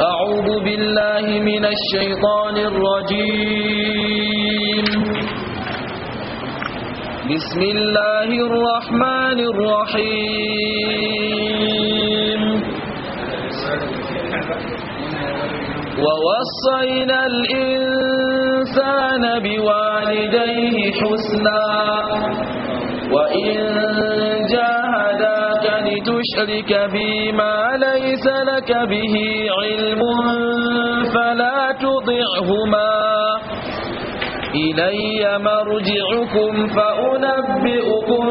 أعوذ بالله من الشيطان الرجيم بسم الله الرحمن الرحيم ووصينا الإنسان بوالديه حسنا وإن تشرك بما ليس لك به علم فلا تضعهما إلي مرجعكم فأنبئكم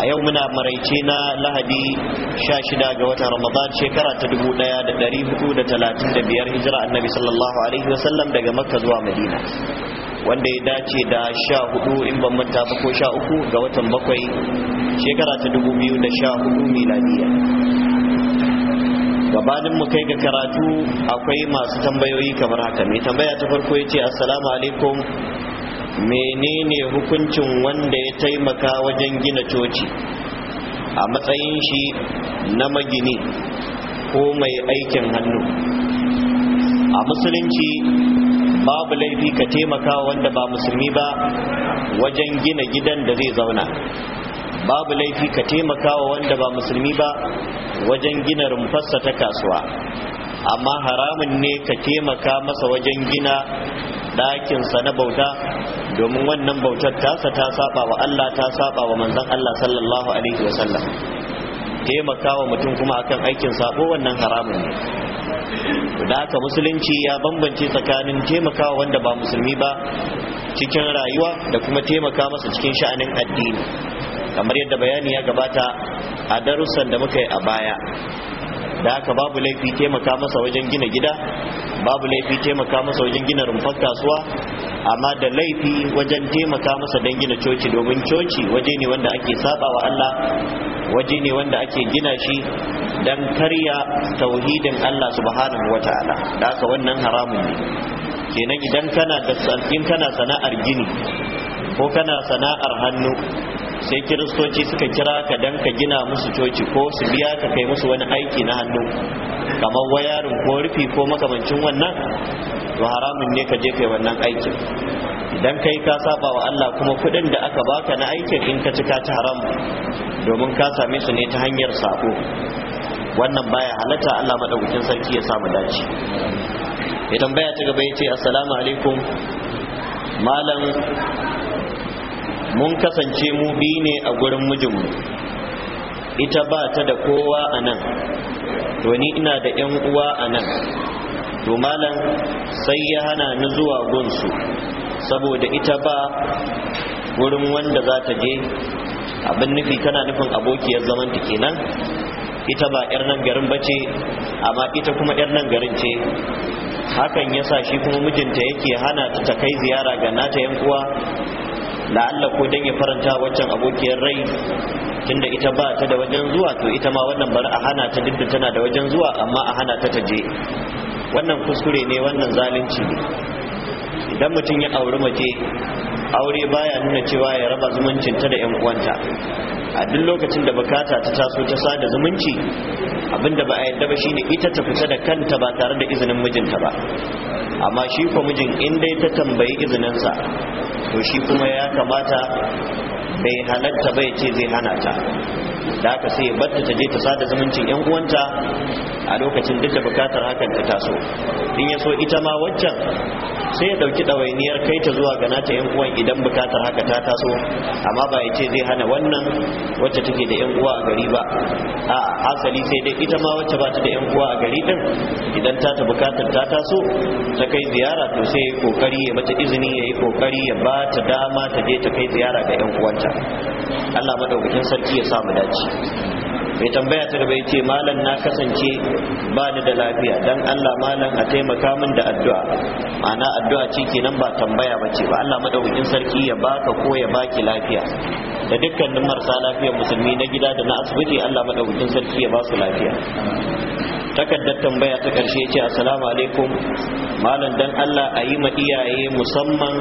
a yau muna maraice na lahadi 16 ga watan ramadan shekara ta 1435 hijira annabi sallallahu alaihi wasallam daga makka zuwa madina wanda ya dace da sha hudu in ban manta ba ko sha uku ga watan bakwai shekara ta dubu biyu da sha hudu miladiya gabanin mu kai ga karatu akwai masu tambayoyi kamar haka mai tambaya ta farko ya ce assalamu alaikum menene hukuncin wanda ya taimaka wajen gina coci a matsayin shi na magini ko mai aikin hannu a musulunci babu laifi ka taimaka wanda ba musulmi ba wajen gina gidan da zai zauna babu laifi ka taimaka wanda ba musulmi ba wajen gina rumfarsa ta kasuwa amma haramun ne ka taimaka masa wajen gina ɗakinsa na bauta domin wannan bautar tasa ta saba wa Allah ta saba wa manzon Allah sallallahu alaihi wasallam taimakawa mutum kuma akan aikin sabo wannan haramun ne da haka musulunci ya bambance tsakanin taimakawa wanda ba musulmi ba cikin rayuwa da kuma taimaka masa cikin sha'anin addini kamar yadda bayani ya gabata a darussan da muka yi a baya da haka babu laifi taimaka masa wajen gina gida babu laifi taimaka masa wajen gina rumfar kasuwa amma da laifi wajen taimaka masa don gina coci domin coci waje ne wanda ake saba wa Allah waje ne wanda ake gina shi don karya tauhidin Allah subhanahu wa ta'ala da haka wannan haramun ne kenan idan kana da in kana sana'ar gini ko kana sana'ar hannu sai kiristoci suka kira ka dan ka gina musu coci ko su biya ka kai musu wani aiki na hannu kamar wayarin ko rufi ko makamancin wannan to haramun ne ka je wannan aikin idan kai ka saba wa Allah kuma kuɗin da aka baka na aikin in ka ci ka ci haram domin ka same su ne ta hanyar sako wannan baya halatta Allah madaukakin sarki ya samu dace idan baya ta gaba yace assalamu alaikum malam mun kasance mu biyu ne a gurin mijinmu ita ba ta da kowa a nan to ni ina da ‘yan uwa a nan to malam sai ya hana ni zuwa gunsu saboda ita ba gurin wanda za ta je abin nufi tana nufin abokiyar zamanta kenan ita ba 'yar nan garin ba ce amma ita kuma 'yar nan garin ce hakan ya sa shi kuma mijinta yake hana ta ta kai ziyara ga nata yan uwa Allah ko dan ya faranta waccan abokiyar rai tunda ita ba ta da wajen zuwa to ita ma wannan bar a hana ta duk tana da wajen zuwa amma a hana ta taje wannan kuskure ne wannan zalunci ne idan mutum ya auri mace aure baya nuna cewa ya raba zumuncin ta da 'yan uwanta a duk lokacin da bukata ta taso ta sada zumunci abinda ba a yadda ba shine ita ta fita da kanta ba tare da izinin mijinta ba amma shi ko mijin in dai ta tambayi izinin sa to shi kuma ya kamata bai halatta bai ce zai hana ta da haka sai ya batta ta je ta sada zumuncin yan uwanta a lokacin duk da bukatar hakan ta taso in ya so ita ma waccan sai ya dauki ɗawainiyar kai ta zuwa ga nata yan uwan idan bukatar haka ta taso amma ba ya ce zai hana wannan wacce take da yan uwa a gari ba a asali sai dai ita ma wacce ba ta da yan uwa a gari din idan ta ta bukatar ta taso ta kai ziyara to sai ya kokari ya mata izini ya yi kokari ya ba ta dama ta je ta kai ziyara ga yan uwanta Allah madaukakin sarki ya sa mu dace lokaci mai tambaya ta gaba ce malam na kasance ba ni da lafiya dan Allah malam a taimaka min da addu'a ma'ana addu'a ce kenan ba tambaya ba ce ba Allah madaukakin sarki ya baka ko ya baki lafiya da dukkanin marasa lafiyar musulmi na gida da na asibiti Allah madaukakin sarki ya ba su lafiya takaddar tambaya ta karshe ce assalamu alaikum malam dan Allah a yi ma iyaye musamman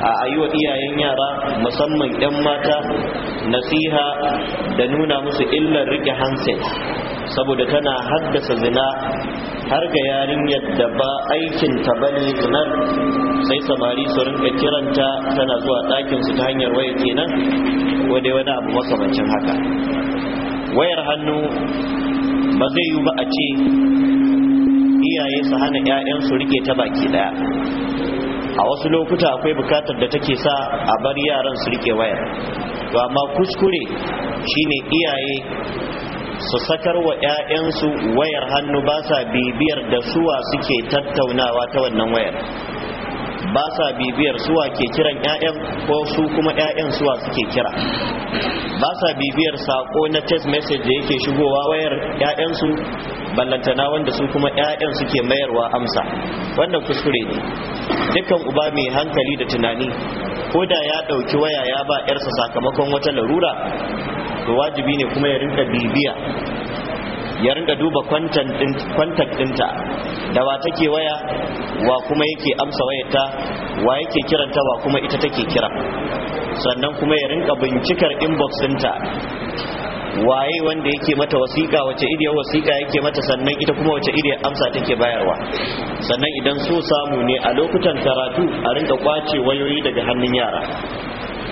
a ayi wa iyayen yara musamman 'yan mata nasiha da nuna musu illar rike hansin saboda tana haddasa zina har ga yarinyar da ba aikin ta bane zinar sai samari su rinka kiranta tana zuwa ɗakin su ta hanyar waya kenan ko dai wani abu makamancin haka wayar hannu ba zai yi ba a ce iyaye su hana 'ya'yansu rike ta baki daya a wasu lokuta akwai bukatar da take sa a bar yaran su rike wayar to amma kuskure shine iyaye su sakar wa 'ya'yansu wayar hannu ba sa bibiyar da suwa suke tattaunawa ta wannan wayar ba sa bibiyar suwa ke kiran 'ya'yan ko su kuma 'ya'yan suwa suke kira ba sa bibiyar sako na text message da yake shigowa wayar 'ya'yansu ballantana wanda su kuma 'ya'yan suke mayarwa amsa wannan kuskure ne dukkan uba mai hankali da tunani ko da ya ɗauki waya ya ba 'yarsa sakamakon wata larura to wajibi ne kuma ya rinka bibiya ya ringa duba kwantar dinta da wa take waya wa kuma yake amsa wayarta wa yake kiranta wa kuma ita take kira sannan kuma ya rinka bincikar inbox dinta waye wanda yake mata wasiƙa wace iriyar wasiƙa yake mata sannan ita kuma wace iriyar amsa take bayarwa sannan idan so samu ne a lokutan karatu a rinka kwace wayoyi daga hannun yara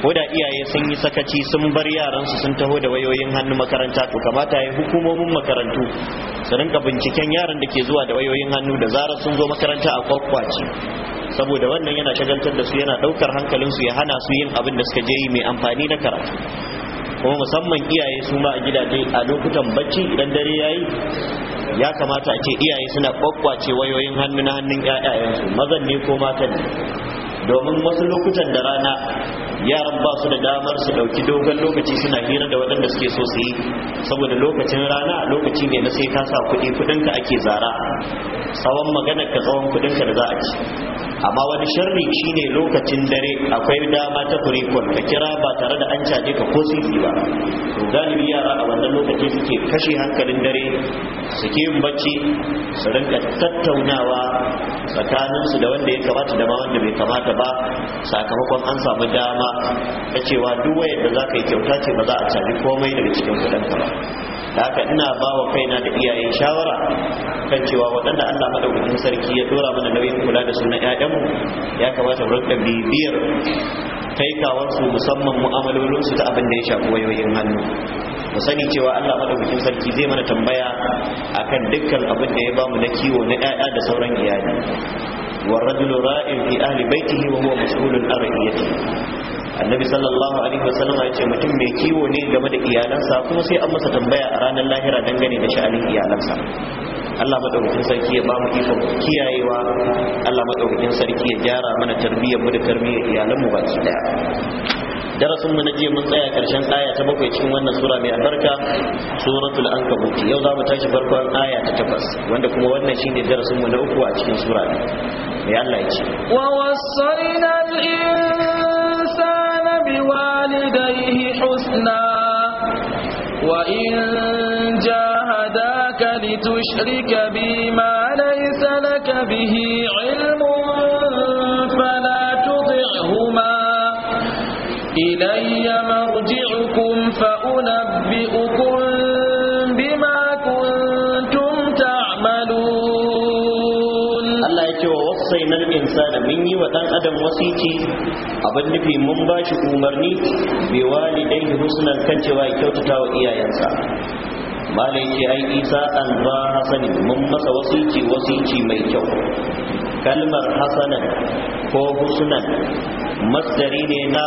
Koda iyaye sun yi sakaci sun bar yaransu sun taho da wayoyin hannu makaranta to kamata ya hukumomin makarantu su rinka binciken yaran da ke zuwa da wayoyin hannu da zarar sun zo makaranta a kwakwaci saboda wannan yana shagaltar da su yana daukar hankalinsu ya hana su yin abin da suka je yi mai amfani na karatu kuma musamman iyaye su ma a gidaje a lokutan bacci idan dare ya yi ya kamata a ce iyaye suna kwakwace wayoyin hannu na hannun 'ya'yayensu mazan ne ko matan domin wasu lokutan da rana yaran ba su da damar su dauki dogon lokaci suna hira da waɗanda suke so su yi saboda lokacin rana lokaci ne na sai ka sa kuɗi kuɗinka ake zara tsawon magana ka tsawon kuɗinka da za a ci amma wani sharri shine lokacin dare akwai dama ta kurikon ka kira ba tare da an caje ka ko sisi ba to galibi yara a wannan lokaci suke kashe hankalin dare suke yin bacci su rinka tattaunawa tsakaninsu da wanda ya kamata da ma wanda bai kamata ba sakamakon an samu dama ta cewa duk wayar da za ka yi kyauta ce ba za a caji komai daga cikin kuɗinka ba Da haka ina ba wa kaina da iyaye shawara kan cewa waɗanda Allah madaukakin sarki ya dora mana nauyin kula da sunan na ya kamata mu rinka bibiyar kaikawarsu musamman su ta abin da ya shafi wayoyin hannu mu sani cewa Allah madaukakin sarki zai mana tambaya akan dukkan abin da ya bamu na kiwo na ƴaƴa da sauran iyali ra'in fi ahli baitihi wa huwa mas'ulun عن رعيته annabi sallallahu alaihi wasallam ya ce mutum mai kiwo ne game da iyalansa kuma sai an masa tambaya a ranar lahira dangane da sha'anin iyalansa Allah madaukakin sarki ya bamu ikon kiyayewa Allah madaukakin sarki ya gyara mana tarbiyyar mu da tarbiyyar iyalanmu baki daya darasin mu na jiya mun tsaya karshen aya ta bakwai cikin wannan sura mai albarka suratul ankabut yau za mu tashi farkon aya ta takwas wanda kuma wannan shine darasin mu na uku a cikin sura mai Allah ya ce wa wasaina al insan بوالديه حسنا وإن جاهداك لتشرك بي ما ليس لك به علم فلا تطعهما إليه mun yi wa dan adam wasici abin nufi mun ba shi umarni bai walidai husnan kan cewa ya kyautata wa iyayensa malai ce ai isa an ba hasani mun masa wasici wasici mai kyau kalmar hasanan ko husnan masdari ne na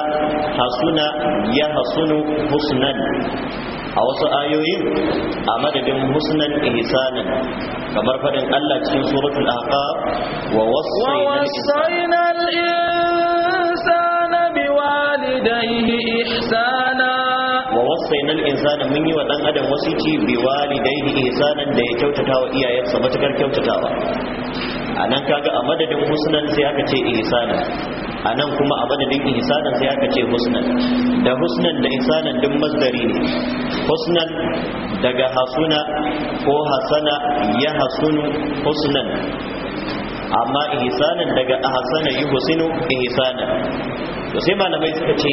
hasuna ya hasunu husnan a wasu ayoyin a madadin husnan ihsanin kamar fadin Allah cikin suratul ahqaf wa wasayna al-insana biwalidayhi ihsana wa wasayna al-insana mun yi wa dan adam wasici biwalidayhi ihsanan da ya kyautata wa iyayensa matakar kyautatawa anan kaga a madadin husnan sai aka ce ihsana a nan kuma a madadin ihsanan sai aka ce husnan da husnan da ihsanan duk masdari ne husnan daga hasuna ko hasana ya hasunu husnan amma ihsanan daga ahsana yuhsinu ihsanan to sai malamai suka ce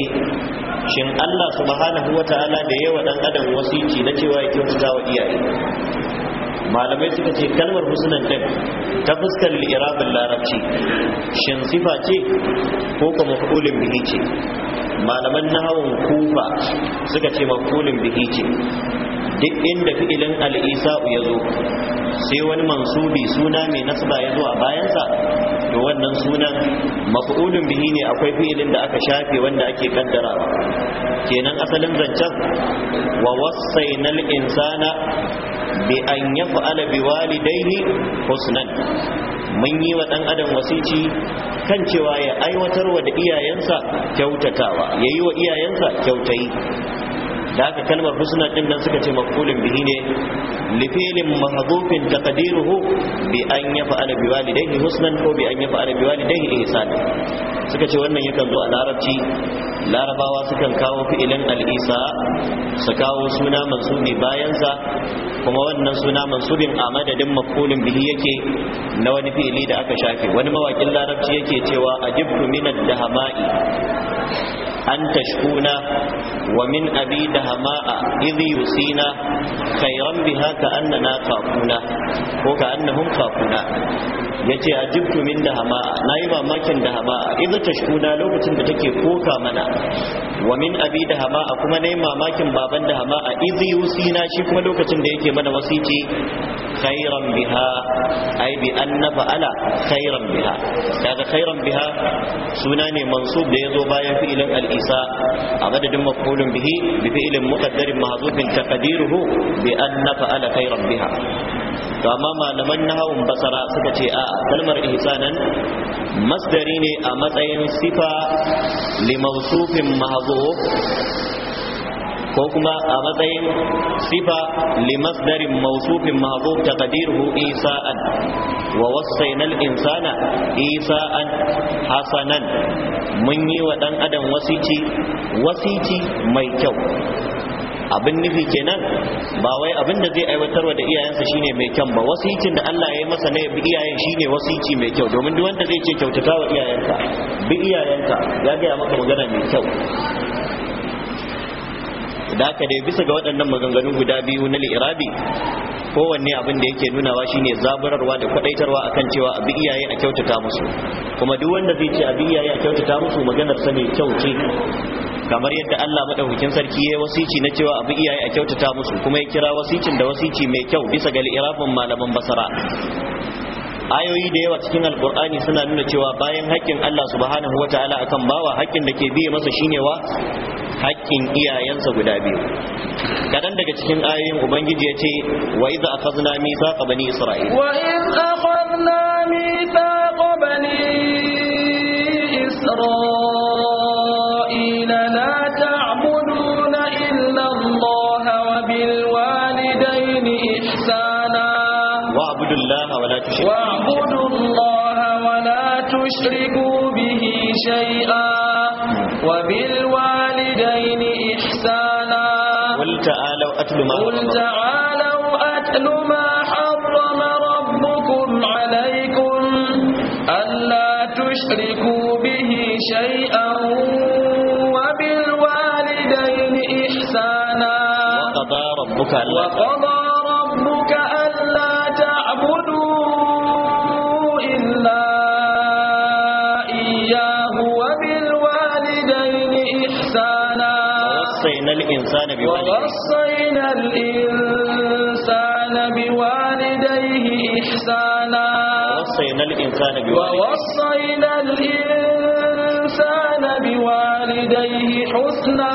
shin Allah subhanahu wataala da yawa dan adam wasici na cewa yake kyautata wa iyaye malamai suka ce kalmar husnan din ta fuskar irabin larabci shin sifa ce ko kuma maf'ulin bihi ce malaman nahawun kufa suka ce maf'ulin bihi ce duk inda fi'ilin al'isa'u ya zo sai wani mansubi suna mai nasba ya zo a bayansa to wannan sunan maf'ulun bihi ne akwai fi'ilin da aka shafe wanda ake kaddara kenan asalin zancen wa wasainal insana bi an yaf'ala bi walidaihi husnan mun yi wa dan adam wasici kan cewa ya aiwatarwa da iyayensa kyautatawa ya yi wa iyayensa kyautayi da haka kalmar husna din nan suka ce maqulun bihi ne li fi'lin mahdhufin taqdiruhu bi an yaf'ala bi walidayhi husnan ko bi an yaf'ala bi walidayhi ihsan suka ce wannan yakan zo a larabci larabawa sukan kawo fi'ilin al-isa su kawo suna mansubi bayan sa kuma wannan suna mansubin a madadin maqulun bihi yake na wani fi'ili da aka shafe wani mawakin larabci yake cewa ajibtu min ad-dahama'i an tashkuna wa min abi da hama'a idhi yusina khairan biha ka annana kafuna ko ka annahum kafuna yace ajibtu min da hama'a nayi mamakin da hama'a idza tashkuna lokacin da take koka mana wa min abi da hama'a kuma nayi mamakin baban da hama'a idhi yusina shi kuma lokacin da yake mana wasici khairan biha ai bi anna fa'ala biha daga khairan biha suna ne Mansur da zo bayan filin al sa a madadin mafulun bihi bi fi'ilin muqaddarin mahzufin taqdiruhu bi an nafa'ala khairan biha to amma malaman nahawun basara suka ce a kalmar ihsanan masdari ne a matsayin sifa li mawsufin mahzuf ko kuma a matsayin sifa limasdarin mausufin mahzuf isa isa'an wa wasainal insana isa'an hasanan mun yi wa dan adam wasici wasici mai kyau abin nufi kenan ba wai abin da zai aiwatar da iyayensa shine mai kyan ba wasicin da Allah ya yi masa na bi iyayen shine wasici mai kyau domin duk wanda zai ce kyautata wa iyayenka bi iyayenka ya gaya maka magana mai kyau da aka dai bisa ga waɗannan maganganun guda biyu na li'irabi kowanne abin da yake nunawa shine zaburarwa da kwadaitarwa akan cewa abi iyaye a kyautata musu kuma duk wanda zai ce abi iyaye a kyautata musu maganar sa ne kyau ce kamar yadda Allah madaukakin sarki ya wasici na cewa abu iyaye a kyautata musu kuma ya kira wasicin da wasici mai kyau bisa ga li'irabin malaman basara ayoyi da yawa cikin alkur'ani suna nuna cewa bayan haƙƙin Allah subhanahu wataala akan bawa haƙƙin da ke biye masa shine wa hakkin iyayensa guda biyu kadan daga cikin ayoyin ubangiji ya ce wa idza akhadna mithaqa bani isra'il wa in akhadna mithaqa bani isra'il la ta'buduna illa Allah wa bil walidayni ihsana wa'budu Allah wa la tushriku wa'budu Allah wa la tushriku bihi shay'a wa تعالوا أتل ما قل تعالوا أتل ما حرم ربكم عليكم ألا تشركوا به شيئا وبالوالدين إحسانا وقضى ربك ألا وقضى ربك ألا ووصينا الإنسان بوالديه ووصينا الإنسان بوالديه إحسانا ووصينا الإنسان بوالديه ووصينا الإنسان بوالديه حسنا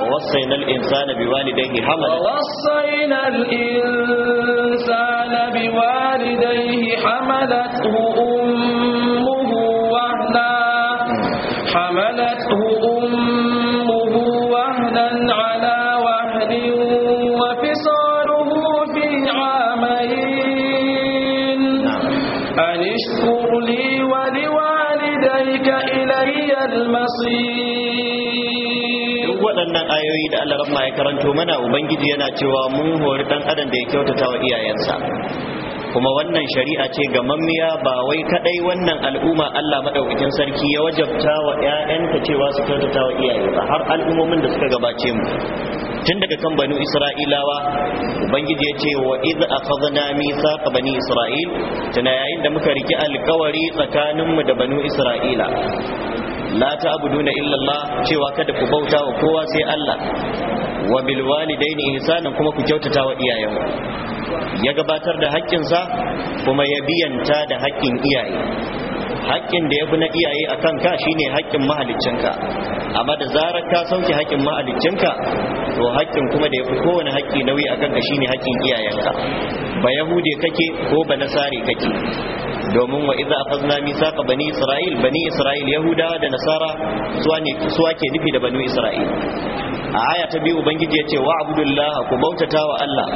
ووصينا الإنسان بوالديه حملا ووصينا الإنسان بوالديه حملته أمه وهنا حملته rabbika waɗannan ayoyi da Allah ya karanto mana ubangiji yana cewa mun hori ɗan adam da ya kyautata wa iyayensa kuma wannan shari'a ce ga mammiya ba wai kadai wannan al'umma Allah madaukakin sarki ya wajabta wa ƴaƴanta cewa su kyautata wa iyaye ba har al'ummomin da suka gabace mu tun daga kan banu isra'ilawa ubangiji ya ce wa iz akhadna mithaqa bani isra'il tana yayin da muka riki alkawari tsakaninmu da banu isra'ila la ta'buduna illa Allah cewa kada ku bauta wa kowa sai Allah wa bil walidaini ihsanan kuma ku kyautata wa iyayenku ya gabatar da haƙƙinsa kuma ya biyanta da haƙƙin iyaye haƙƙin da ya fi na iyaye a kanka shine haƙƙin mahaliccinka amma da zarar ka sauke haƙƙin mahaliccinka to haƙƙin kuma da ya fi kowane haƙƙi nauyi a kanka shine haƙƙin iyayenka ba yahude kake ko ba nasare kake domin wa idza akhadna mithaqa bani isra'il bani isra'il yahuda da nasara suwa ne suwa ke nufi da bani isra'il a aya ta biyu ubangiji ya ce wa abdullah ku bautata wa allah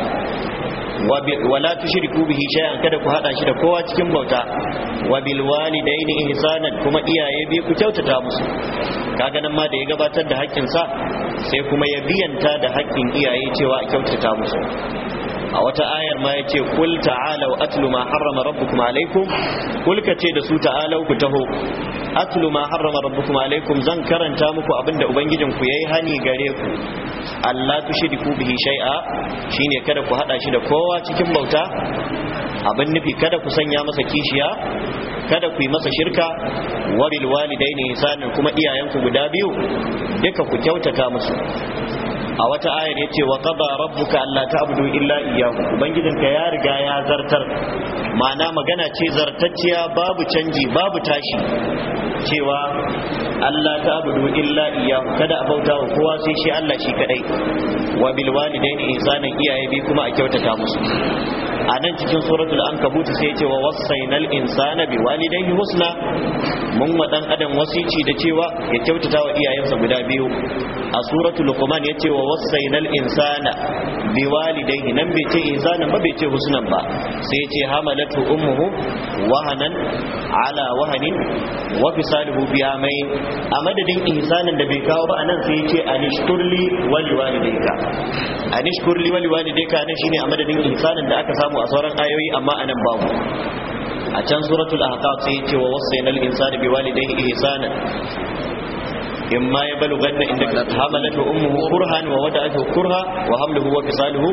wa la tushriku bihi shay'an kada ku hada shi da kowa cikin bauta wa bil walidaini ihsanan kuma iyaye bi ku kyautata musu kaga nan ma da ya gabatar da haƙƙin sa sai kuma ya biyanta da haƙƙin iyaye cewa a kyautata musu a wata ayar ma yace kul ta'alau atlu ma harrama rabbukum alaikum kul kace da su ta'alau ku taho atlu ma harrama rabbukum alaikum zan karanta muku abinda ubangijin ku yayi hani gare ku Allah tushriku bihi shay'a shine kada ku hada shi da kowa cikin bauta abin nufi kada ku sanya masa kishiya kada ku yi masa shirka wabil walidaini ihsanan kuma iyayenku guda biyu duka ku kyautata musu a wata ayar ce wa qada rabbuka alla ta'budu illa iyyahu ubangijinka ya riga ya zartar ma'ana magana ce zartacciya babu canji babu tashi cewa Allah ta'budu illa iyyahu kada a bauta wa kowa sai shi Allah shi kadai wa bil walidaini ihsanan iyaye bi kuma a kyautata musu a nan cikin suratul ankabut sai ya ce wa wasainal insana bi walidayhi husna mun wa dan adam wasici da cewa ya kyautata wa iyayensa guda biyu a suratul luqman ya ce wa wasainal insana bi walidayhi nan bai ce insanan ba bai ce husna ba sai ya ce hamalatu ummuhu wahanan ala wahanin wa fisaluhu bi amai a madadin insanan da bai kawo ba anan sai ya ce anishkurli wali walidayka anishkurli wali walidayka nan shine a madadin insanan da aka samu samu a sauran ayoyi amma anan babu a can suratul ahqaf sai ce wa wasainal insani walidayhi ihsana imma ya ganna inda hamalat ummuhu kurhan wa wada'atuhu kurha wa hamluhu wa fisaluhu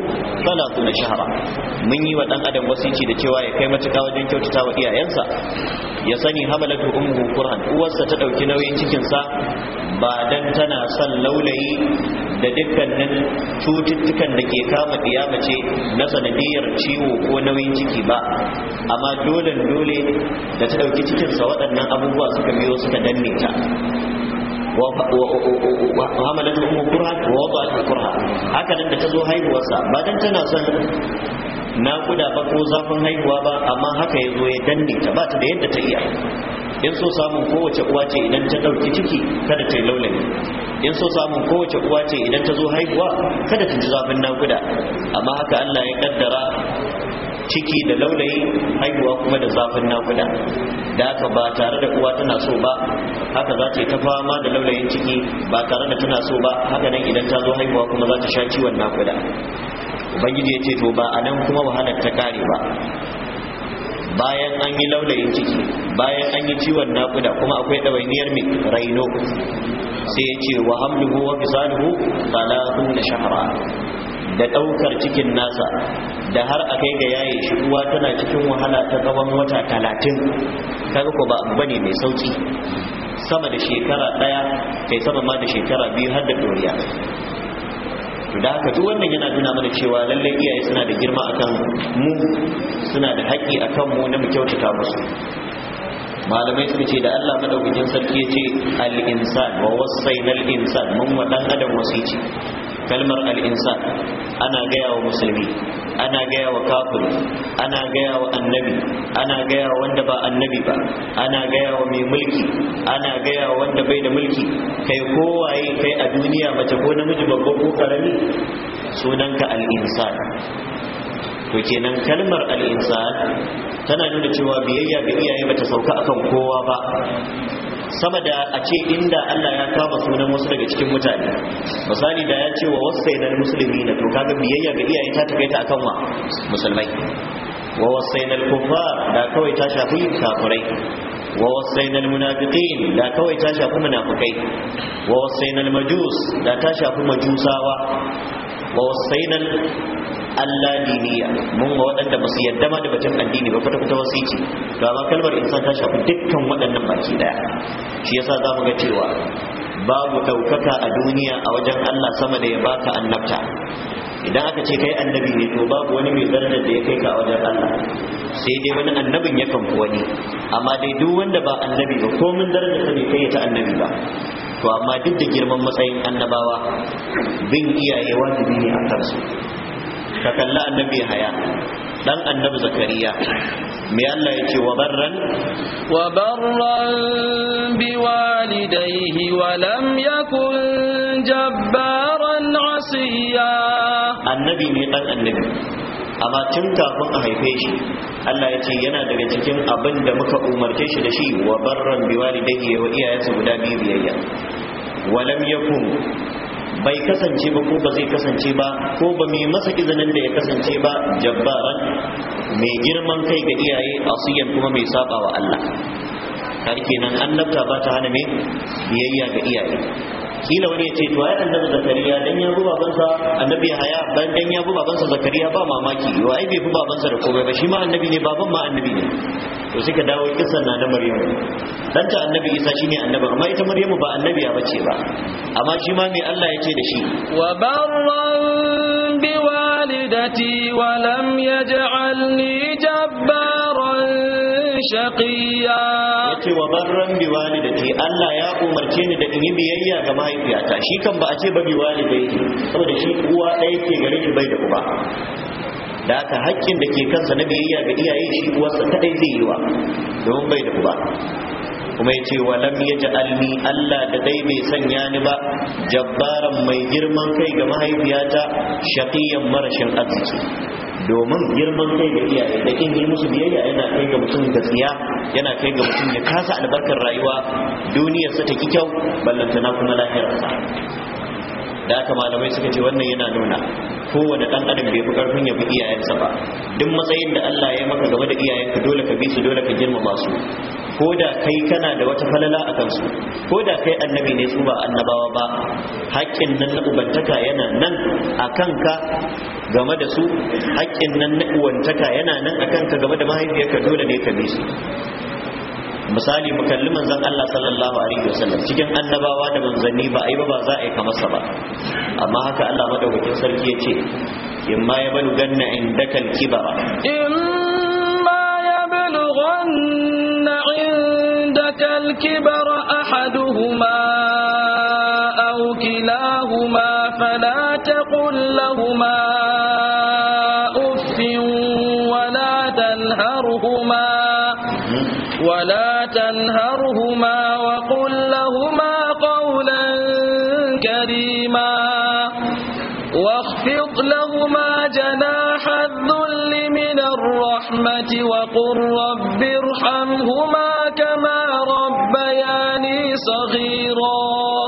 30 shahra mun yi wa dan adam wasici da cewa ya kai matuka wajen kyautata wa iyayensa ya sani hamalatu ummuhu kurhan uwarsa ta dauki nauyin cikin sa ba dan tana son laulayi da dukkanin cututtukan da ke kama ce na sanadiyar ciwo ko nauyin ciki ba amma dole dole da ta ɗauki cikinsa waɗannan abubuwa suka biyo suka danne ta hamalat ummu kurha wa wada'at kurha haka nan da ta zo haihuwarsa ba dan tana son naƙuda ba ko zafin haihuwa ba amma haka ya zo ya danne ta ba ta da yadda ta iya in so samun kowace uwa ce idan ta ɗauki ciki kada ta yi laulayi in so samun kowace uwa ce idan ta zo haihuwa kada ta ji zafin nakuda amma haka Allah ya kaddara ciki da laulayi haihuwa kuma da zafin nakuda da haka ba tare da uwa tana so ba haka za ta yi ta fama da laulayin ciki ba tare da tana so ba haka nan idan ta zo haihuwa kuma za ta sha ciwon nakuda ubangiji ya ce to ba a nan kuma wahalar ta kare ba bayan an yi laulayin ciki bayan an yi ciwon nakuda, kuma akwai ɗawainiyar mai raino sai ya ce wa hamluhu wa fisaluhu talatu na shahara da ɗaukar cikin nasa da har a kai ga yaye shi uwa tana cikin wahala ta tsawon wata talatin kaga ko ba abu bane mai sauki sama da shekara ɗaya kai sama ma da shekara biyu har da ɗoriya to da haka duk wannan yana nuna mana cewa lallai iyaye suna da girma akan mu suna da haƙƙi akan mu na mu kyautata musu malamai suka ce da Allah madaukakin sarki ya ce al-insan wa al insan mun wa dan adam ce. kalmar al'insa, ana gaya wa musulmi ana gaya wa kafiri ana gaya wa annabi ana gaya wanda ba annabi ba ana gaya wa mai mulki ana gaya wanda bai da mulki kai kowaye kai a duniya mace ko namiji babba ko karami sunanka al'insan to kenan kalmar al'insan tana nuna cewa biyayya ga iyaye bata sauka akan kowa ba sama da a ce inda Allah ya kama sunan wasu daga cikin mutane misali da ya ce wa musulmi na to kaga biyayya ga iyaye ta kaita akan wa musulmai wa wasainal kuffar da kawai ta shafi kafirai wa wasainal munafiqin da kawai ta shafi munafikai wa wasainal majus da ta shafi majusawa wa wasainal Allah diniya mun ga waɗanda ba su yadda ma da batun addini ba kwata kwata wasu ce to amma kalmar insan ta shafi dukkan waɗannan baki daya shi yasa za mu ga cewa babu ɗaukaka a duniya a wajen Allah sama da ya baka annabta idan aka ce kai annabi ne to babu wani mai zarar da ya kai ka wajen Allah sai dai wani annabin ya kan wani amma dai duk wanda ba annabi ba ko mun darajar ta kai ta annabi ba to amma duk da girman matsayin annabawa bin iyaye wajibi ne a kansu ka kalli annabi haya dan annabi zakariya me Allah yake wa barran wa barran bi walidayhi wa lam yakun jabbaran asiya annabi ne dan annabi amma tun kafin a haife shi Allah ya ce yana daga cikin abin da muka umarce shi da shi wa barran bi walidayhi wa iyayensa guda biyu biyayya walam yakun bai kasance ba ko ba zai kasance ba ko ba mai masa izinin da ya kasance ba jabbaran mai girman kai ga iyaye asiyan kuma mai saba wa Allah har kenan annabta ba ta hana mai biyayya ga iyaye kila wani ya ce to ai annabi zakariya dan ya bu babansa annabi haya ban dan ya bu babansa zakariya ba mamaki wa ai bai bu babansa da komai ba shi ma annabi ne baban ma annabi ne to suka dawo kissan na da maryamu dan ta annabi isa shine annabi amma ita maryamu ba annabiya bace ba amma shi ma mai Allah ya ce da shi wa barran bi walidati wa lam yaj'alni shaqiya yace wa barran bi walidati Allah ya umarce ni da in yi biyayya ga mahaifiyata shi kan ba a ce ba bi walidai saboda shi uwa ɗaya ke gare shi bai da uba da aka haƙƙin da ke kansa na biyayya ga iyaye shi uwarsa kaɗai zai yi wa domin bai da uba kuma yace wa lam yaj'alni Allah da dai bai sanya ni ba jabbaran mai girman kai ga mahaifiyata shaqiyan marashin arziki domin girman kai da iyaye da kin yi musu biyayya yana kai ga mutum da tsiya yana kai ga mutum ya kasa albarkar rayuwa sa ta ki kyau na kuma lahirarsa da aka malamai suka ce wannan yana nuna kowane dan adam bai fi karfin ya bi iyayensa ba duk matsayin da Allah ya maka game da iyayenka dole ka bi su dole ka girmama su ko da kai kana da wata falala a kansu ko da kai annabi ne su ba annabawa ba haƙƙin nan na ubantaka yana nan a kanka game da su haƙƙin nan na uwantaka yana nan a kanka game da mahaifiyarka dole ne ka bi su misali mu kalli manzon Allah sallallahu alaihi wasallam cikin annabawa da manzanni ba ai ba ba za a yi kamar sa ba amma haka Allah madaukakin sarki ya ce imma ya balu ganna indakal kibara In ya balu ganna أن عندك الكبر أحدهما أو كلاهما فلا تقل لهما أف ولا تنهرهما ولا تنهرهما وقل لهما الرحمة وقل رب ارحمهما كما ربياني صغيرا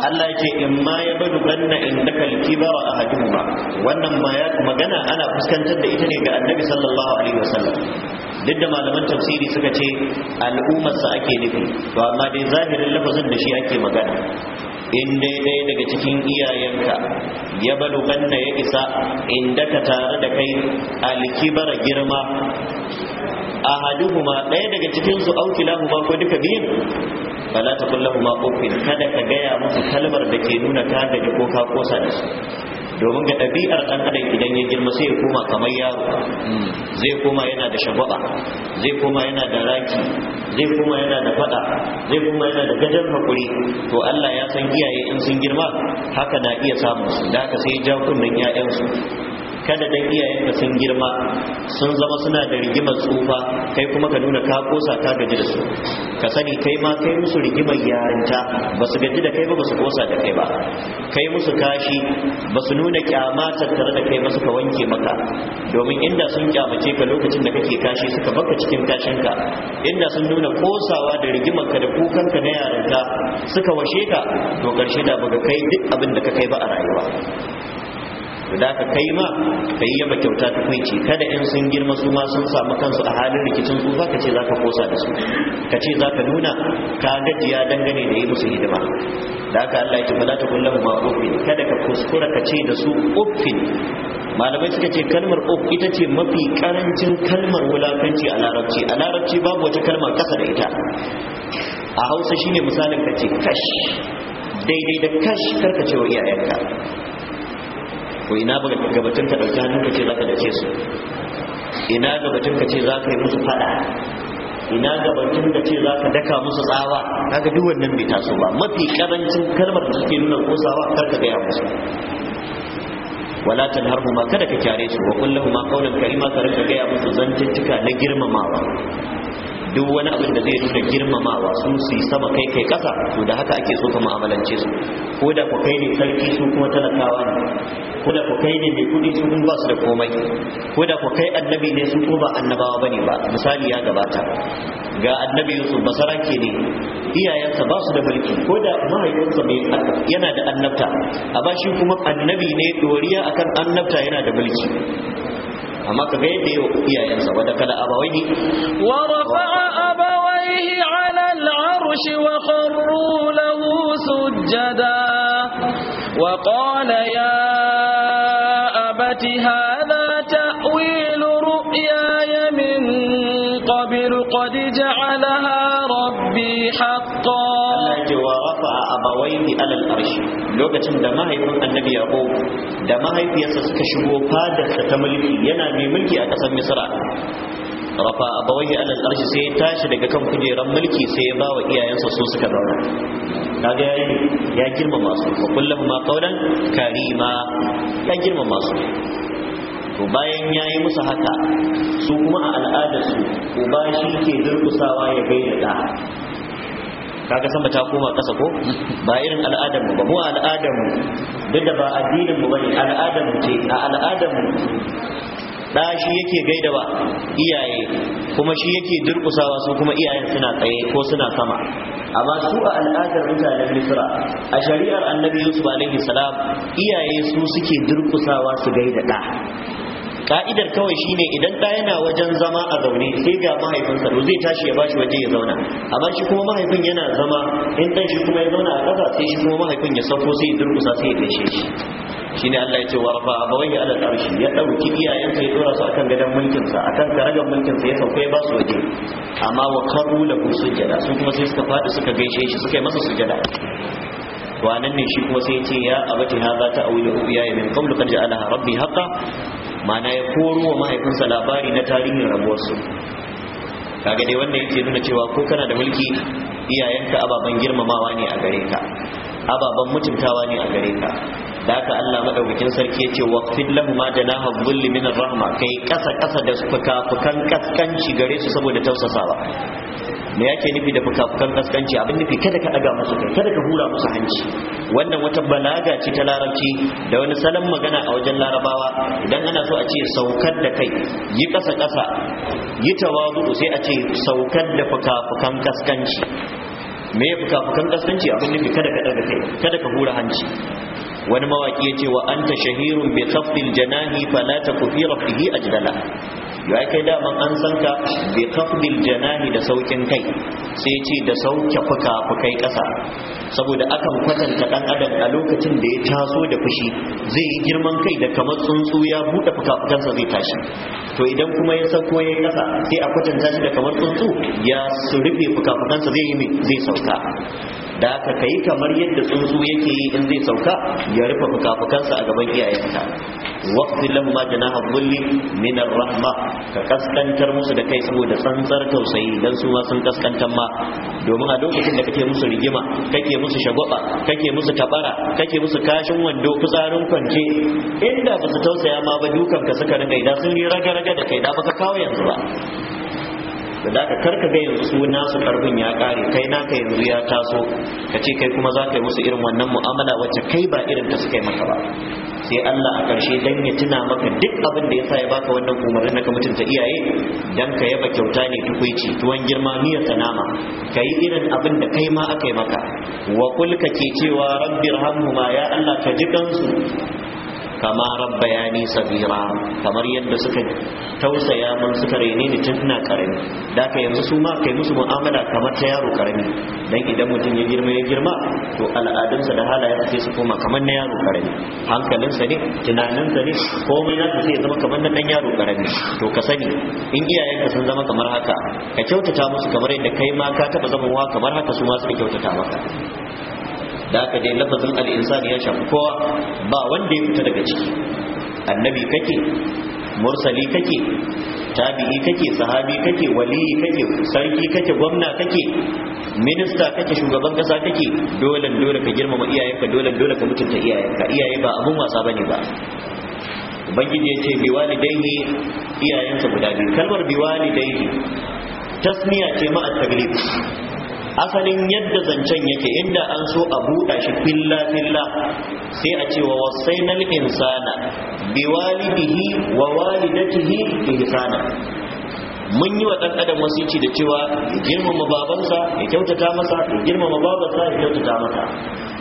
Allah ya ce in ma ya badu ganna in daka kibara a hajjuma wannan magana ana fuskantar da ita ne ga annabi sallallahu alaihi wasallam duk da malaman tafsiri suka ce al'ummarsa ake nufi to amma dai zahirin lafazin da shi ake magana in dai dai daga cikin iyayenka ya balu baluganna ya isa inda ka tare da kai bara girma ahaduhuma ɗaya daga cikin su lahu ko duka biyun fala ta kullahu ma kada ka gaya musu kalmar da ke nuna ka gaji ko ka kosa da su domin ga ɗabi'ar ɗan adam idan ya girma sai ya koma kamar yaro hmm. zai koma yana da shagwaba zai koma yana da raki zai koma yana da fada zai koma yana da gajar hakuri to Allah ya san iyaye in sun girma haka na iya samun su da haka sai ja kunnen 'ya'yansu kada dan iyayenka sun girma sun zama suna da rigimar tsufa kai kuma ka nuna ka kosa ka gaji da su ka sani kai ma kai musu rigimar yarinta ba su gaji da kai ba ba su kosa da kai ba kai musu kashi ba su nuna kyama tattare da kai ba ka wanke maka domin inda sun kyamace ka lokacin da kake kashi suka baka cikin kashinka inda sun nuna kosawa da rigimar ka da kukanka na yarinta suka washe ka to karshe da baka kai duk abin da ka kai ba a rayuwa to da ka kai ma ka yi yaba kyauta ta kuici kada in sun girma su ma sun samu kansu a halin rikicin tsufa ka ce za ka kosa da su ka ce za ka nuna ka gajiya dangane da yi musu hidima da aka Allah ya ce ba za ta ma uffin kada ka kuskura ka ce da su uffin malamai suka ce kalmar of ita ce mafi karancin kalmar wulakanci a larabci a larabci babu wata kalmar kasa da ita a hausa shine misalin ka ce kash daidai da kash karka ce wa iyayenka ko ina gabatun ka dauki hannun ka ce zaka dace su ina gabatun ka ce zaka yi musu fada ina gabatun ka ce zaka daka musu tsawa kaga duk wannan bai taso ba mafi karancin kalmar da suke nuna kosawa kar ka gaya musu wala tanharhuma kada ka kyare su wa kullahuma qawlan karima kar ka gaya musu zantuttuka na girmamawa duk wani abin da zai nuna girmamawa su su yi sama kai kai kasa to da haka ake so ka mu'amalance su ko da ku kai ne sarki su kuma talakawa ne ko da ku kai ne mai kuɗi su kuma ba su da komai ko da ku kai annabi ne su kuma ba annabawa bane ba misali ya gabata ga annabi yusuf basarake ne iyayensa ba su da mulki ko da mahaifinsa mai yana da annabta amma shi kuma annabi ne doriya akan annabta yana da mulki amma ka ga yadda yau iyayensa wadda kada abawai ne wa rafa'a abawaihi ala al'arshi wa kharru lahu sujjada wa qala ya lokacin da mahaifin annabi yaqub da mahaifiyarsa suka shigo fadarsa ta mulki yana mai mulki a ƙasar misra rafa abawaihi alal arshi sai ya tashi daga kan kujeran mulki sai ya ba wa iyayensa su suka zauna kaga ya girma masu fa kullum ma qaulan karima ya girmama su to bayan ya yi musu haka su kuma a al'adarsu uba shi ke durkusawa ya gaida da kaga sama ta koma ƙasa ko ba irin al'adarmu ba mu al'adarmu. duk da ba addinin mu bane al'adar ce a al'adarmu ɗa da shi yake gaida ba iyaye kuma shi yake durkusawa su kuma iyayen suna tsaye ko suna sama amma su a al'adar mutanen misra a shari'ar annabi yusuf alaihi salam iyaye su suke durkusawa su gaida da ka'idar kawai shine idan da yana wajen zama a zaune sai ga mahaifinsa to zai tashi ya bashi waje ya zauna amma shi kuma mahaifin yana zama in dan shi kuma ya zauna a ƙasa sai shi kuma mahaifin ya sauko sai ya durƙusa sai ya gaishe shi shine Allah ya ce wa rafa abawai ya ala tarshi ya dauki iyayensa ya dora su akan gadan mulkin sa akan karagan mulkin sa ya sauka ya ba su waje amma wa karu lahu sujada su kuma sai suka fadi suka gaishe shi suka yi masa sujada to anan ne shi kuma sai ya ce ya abati hadha ta'wilu ya min qablu qad ja'alaha rabbi haqqan mana ya koro wa mahaifinsa labari na tarihin rabuwarsu kaga dai wanda yake nuna cewa ko kana da mulki iyayenka ababen girmamawa ne a gare ka ababen mutuntawa ne a gare ka da haka Allah madaukakin sarki yace fil lahu ma janaha dhulli min ar-rahma kai kasa kasa da fuka fukan kaskanci gare su saboda tausasawa me yake nufi da fukafukan kaskanci abin nufi kada ka daga musu kai kada ka hura musu hanci wannan wata balaga ce ta larabci da wani salon magana a wajen larabawa idan ana so a ce saukar da kai yi kasa kasa yi tawazu sai a ce saukar da fukafukan kaskanci me ya fukafukan kaskanci abin nufi kada ka daga kai kada ka hura hanci wani mawaki ya ce wa anta shahirun bi khafdil janahi fala takufi rafihi ajdala ya kai daman an san ka bi kafdil janahi da saukin kai sai ce da sauke fuka fukai kasa saboda akan kwatanta dan adam a lokacin da ya taso da fushi zai yi girman kai da kamar tsuntsu ya bude fuka zai tashi to idan kuma ya sauko ya kasa sai a kwatanta shi da kamar tsuntsu ya rufe fuka fukansa zai yi zai sauka da aka kai kamar yadda tsuntsu yake yi in zai sauka ya rufe fukafukansa a gaban iyayenka waqti lahu ma janaha dhulli min ar-rahma ka kaskantar musu da kai saboda tsantsar tausayi dan su ma sun kaskantar ma domin a lokacin da kake musu rigima kake musu shagwaba kake musu tabara kake musu kashin wando fitsarin kwance inda ba su tausaya ma ba dukan ka suka rinka idan sun yi raga-raga da kai da baka kawo yanzu ba da daga karka ga yanzu nasu karfin ya kare kai naka yanzu ya taso ka ce kai kuma za ka yi musu irin wannan mu'amala wacce kai ba irin ta suka yi maka ba sai Allah a karshe dan ya tuna maka duk abin da yasa ya baka wannan umarni na ka mutunta iyaye dan ka yaba kyauta ne tukuici tuwon girma miyar ta nama kai irin abin da kai ma aka yi maka wa kul ke cewa rabbi hamhuma ya Allah ka ji kansu kama rabbayani sabira kamar yadda suka tausaya mun suka rene ni tun ina karami da ka yanzu su ma kai musu mu'amala kamar ta yaro karami dan idan mutum ya girma ya girma to al'adunsa da halayen sai su koma kamar na yaro karami hankalinsa ne tunaninsa ne komai na sai zama kamar na dan yaro karami to ka sani in iyayenka sun zama kamar haka ka kyautata musu kamar yadda kai ma ka taba zama kamar haka su ma suka kyautata maka da aka dai lafazin al'insan ya shafi kowa ba wanda ya fita daga ciki annabi kake mursali kake tabi'i kake sahabi kake waliyi kake sarki kake gwamna kake minista kake shugaban kasa kake dole dole ka girmama iyayenka dole dole ka mutunta iyayenka iyaye ba abun wasa bane ba ubangiji ya ce iyayen iyayensa guda biyu kalmar biwalidaihi tasniya ce ma at-taglib asalin yadda zancen yake inda an so a buɗa shi filla filla sai a ce wa wasainal insana biwalidihi wa walidatihi insana mun yi wa ɗan adam wasici da cewa ya girmama babansa ya kyautata masa ya girmama babansa ya kyautata masa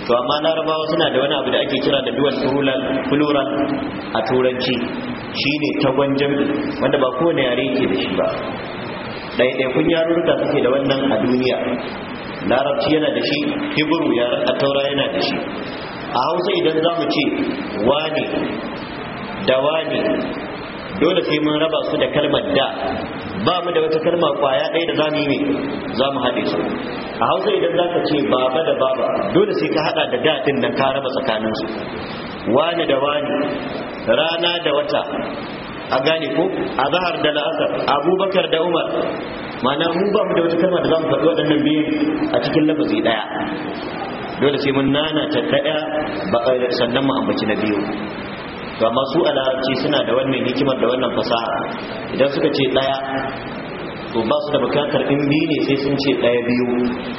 to amma larabawa suna da wani abu da ake kira da dual plural a turanci shine tagon jam'i wanda ba kowane yare ke da shi ba ɗaiɗaikun yarurruka suke da wannan a duniya larabci yana da shi hibiru a taura yana da shi a hausa idan za mu ce wane da wane dole sai mun raba su da kalmar da ba mu da wata kalma kwaya ɗaya da za mu yi za mu haɗe su a hausa idan za ka ce baba da baba dole sai ka haɗa da da ɗin nan ka raba tsakaninsu wane da wane rana da wata a gane ko a zahar da la'asar abubakar da umar mana mu ba mu da wata kalma da za mu faɗi waɗannan biyu a cikin lafazi ɗaya dole sai mun nana ta ɗaya sannan mu ambaci na biyu to amma su alarabci suna da wannan hikimar da wannan fasaha idan suka ce ɗaya to ba su da bukatar in biyu ne sai sun ce ɗaya biyu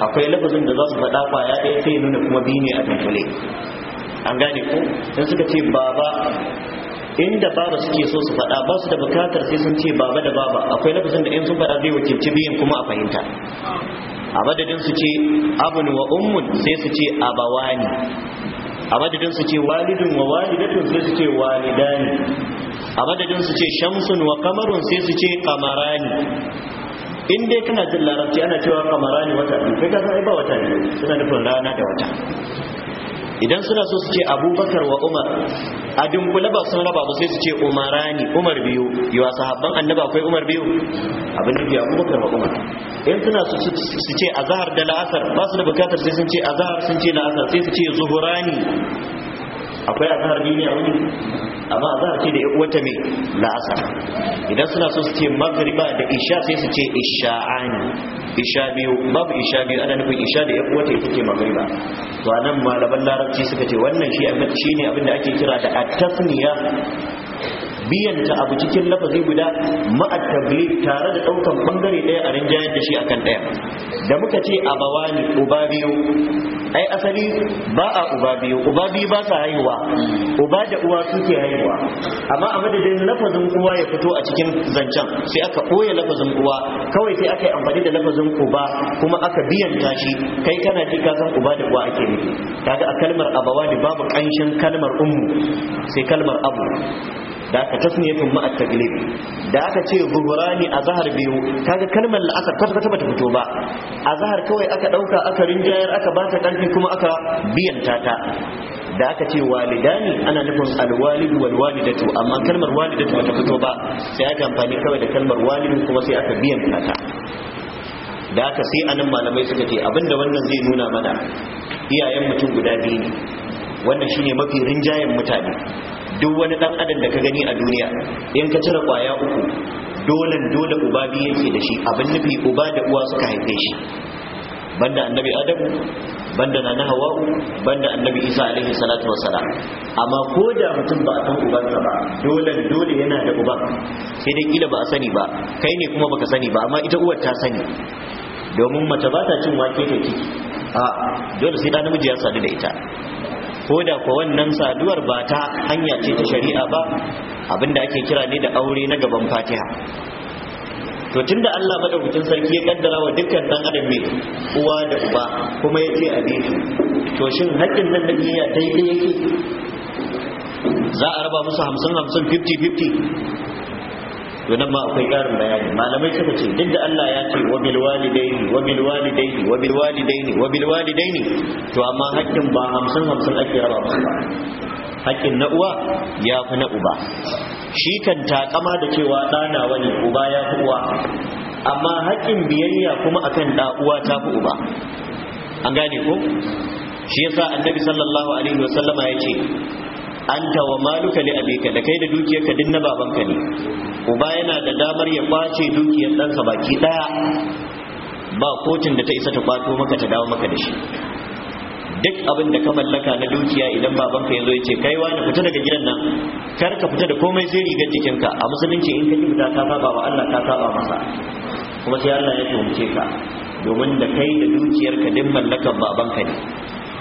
akwai lafazin da za su faɗa kwaya ɗaya sai nuna kuma biyu ne a dunkule an gane ko in suka ce baba inda baba suke so su faɗa ba su da bukatar sai sun ce baba da baba akwai lafazin da in sun faɗa zai wakilci biyan kuma a fahimta a madadin su ce abun wa ummun sai su ce abawani a madadin su ce walidun wa walidatun sai su ce walidani a madadin su ce shamsun wa kamarun sai su ce kamarani in dai kana jin larabci ana cewa kamarani wata biyu kai ka san ai ba wata biyu suna nufin rana da wata idan suna so su ce abubakar wa umar a dunkule ba sun raba ba sai su ce umarani umar biyu yawa sahabban annaba akwai umar biyu abin nufi abubakar wa umar in suna so su ce azhar da la'asar ba su da bukatar sai sun ce azhar sun ce la'asar sai su ce zuhurani akwai azhar biyu ne a wuni amma azhar ce da ya uwata mai la'asar idan suna so su ce magriba da isha sai su ce isha'ani isha biyu babu isha biyu ana nufin isha da ya uwata ita ce magriba to anan malaman larabci suka ce wannan shi abin abin da ake kira da atasniya biyanta abu cikin lafazi guda ma'a tare da ɗaukar bangare ɗaya a rinjayar da shi akan ɗaya da muka ce abawani uba biyu ai asali ba a uba biyu uba biyu ba sa haihuwa uba da uwa suke haihuwa amma a madadin lafazin uwa ya fito a cikin zancen sai aka ɓoye lafazin uwa kawai sai aka yi amfani da lafazin uba kuma aka biyanta shi kai kana ji ka san uba da uwa ake nufi kaga a kalmar abawani babu kanshin kalmar ummu sai kalmar abu da aka tasniyatun maa at-taglib da aka ce a zahar biyu kaga kalmar la'asar kwata kwata bata fito ba a zahar kawai aka dauka aka rinjayar aka bata karfi kuma aka biyanta ta da aka ce walidani ana nufin alwalidu wal walidatu amma kalmar walidatu bata fito ba sai aka amfani kawai da kalmar walidu kuma sai aka biyanta ta da aka sai anan malamai suka ce abinda wannan zai nuna mana iyayen mutum guda biyu ne wannan shine mafi rinjayen mutane duk wani dan adam da ka gani a duniya in ka cire kwaya uku dole dole uba biyu yake da shi abin nufi uba da uwa suka haife shi banda annabi adam banda Nana hawa banda annabi isa alaihi salatu wassalam amma ko da mutum ba san ubansa ba dole dole yana da uba sai dai kila ba a sani ba kai ne kuma baka sani ba amma ita uwar ta sani domin mace ba ta cin wake ta ciki a dole sai da namiji ya sadu da ita ko da kuwa wannan saduwar ba ta hanya ce ta shari'a ba abinda ake kira ne da aure na gaban fatiha to tunda Allah madaukakin sarki ya kaddara wa dukkan dan adam ne uwa da uba kuma ya ce abi to shin haƙƙin nan da iya dai yake za a raba musu 50 50 50 50 to nan ma akwai karin bayani malamai suka ce duk da Allah ya ce wa bil walidaini wa bil walidaini wa bil walidaini wa bil walidaini to amma hakkin ba hamsin hamsin ake raba musu ba hakkin na uwa ya fi na uba shi kan takama da cewa na wani uba ya fi uwa amma hakkin biyayya kuma akan ɗa uwa ta fi uba an gane ko shi yasa annabi sallallahu alaihi wasallama ya ce anta wa maluka li abika da kai da dukiyarka din na babanka ne uba yana da damar ya kwace dukiyar ɗansa baki ɗaya ba kotun da ta isa ta kwato maka ta dawo maka da shi duk abin da ka mallaka na dukiya idan babanka yazo zo ya ce kai wani fita daga gidan nan kar ka fita da komai sai rigar jikinka a musulunci in ka fita ka saba wa Allah ka saba masa kuma sai Allah ya tuhumce ka domin da kai da dukiyarka din mallakar babanka ne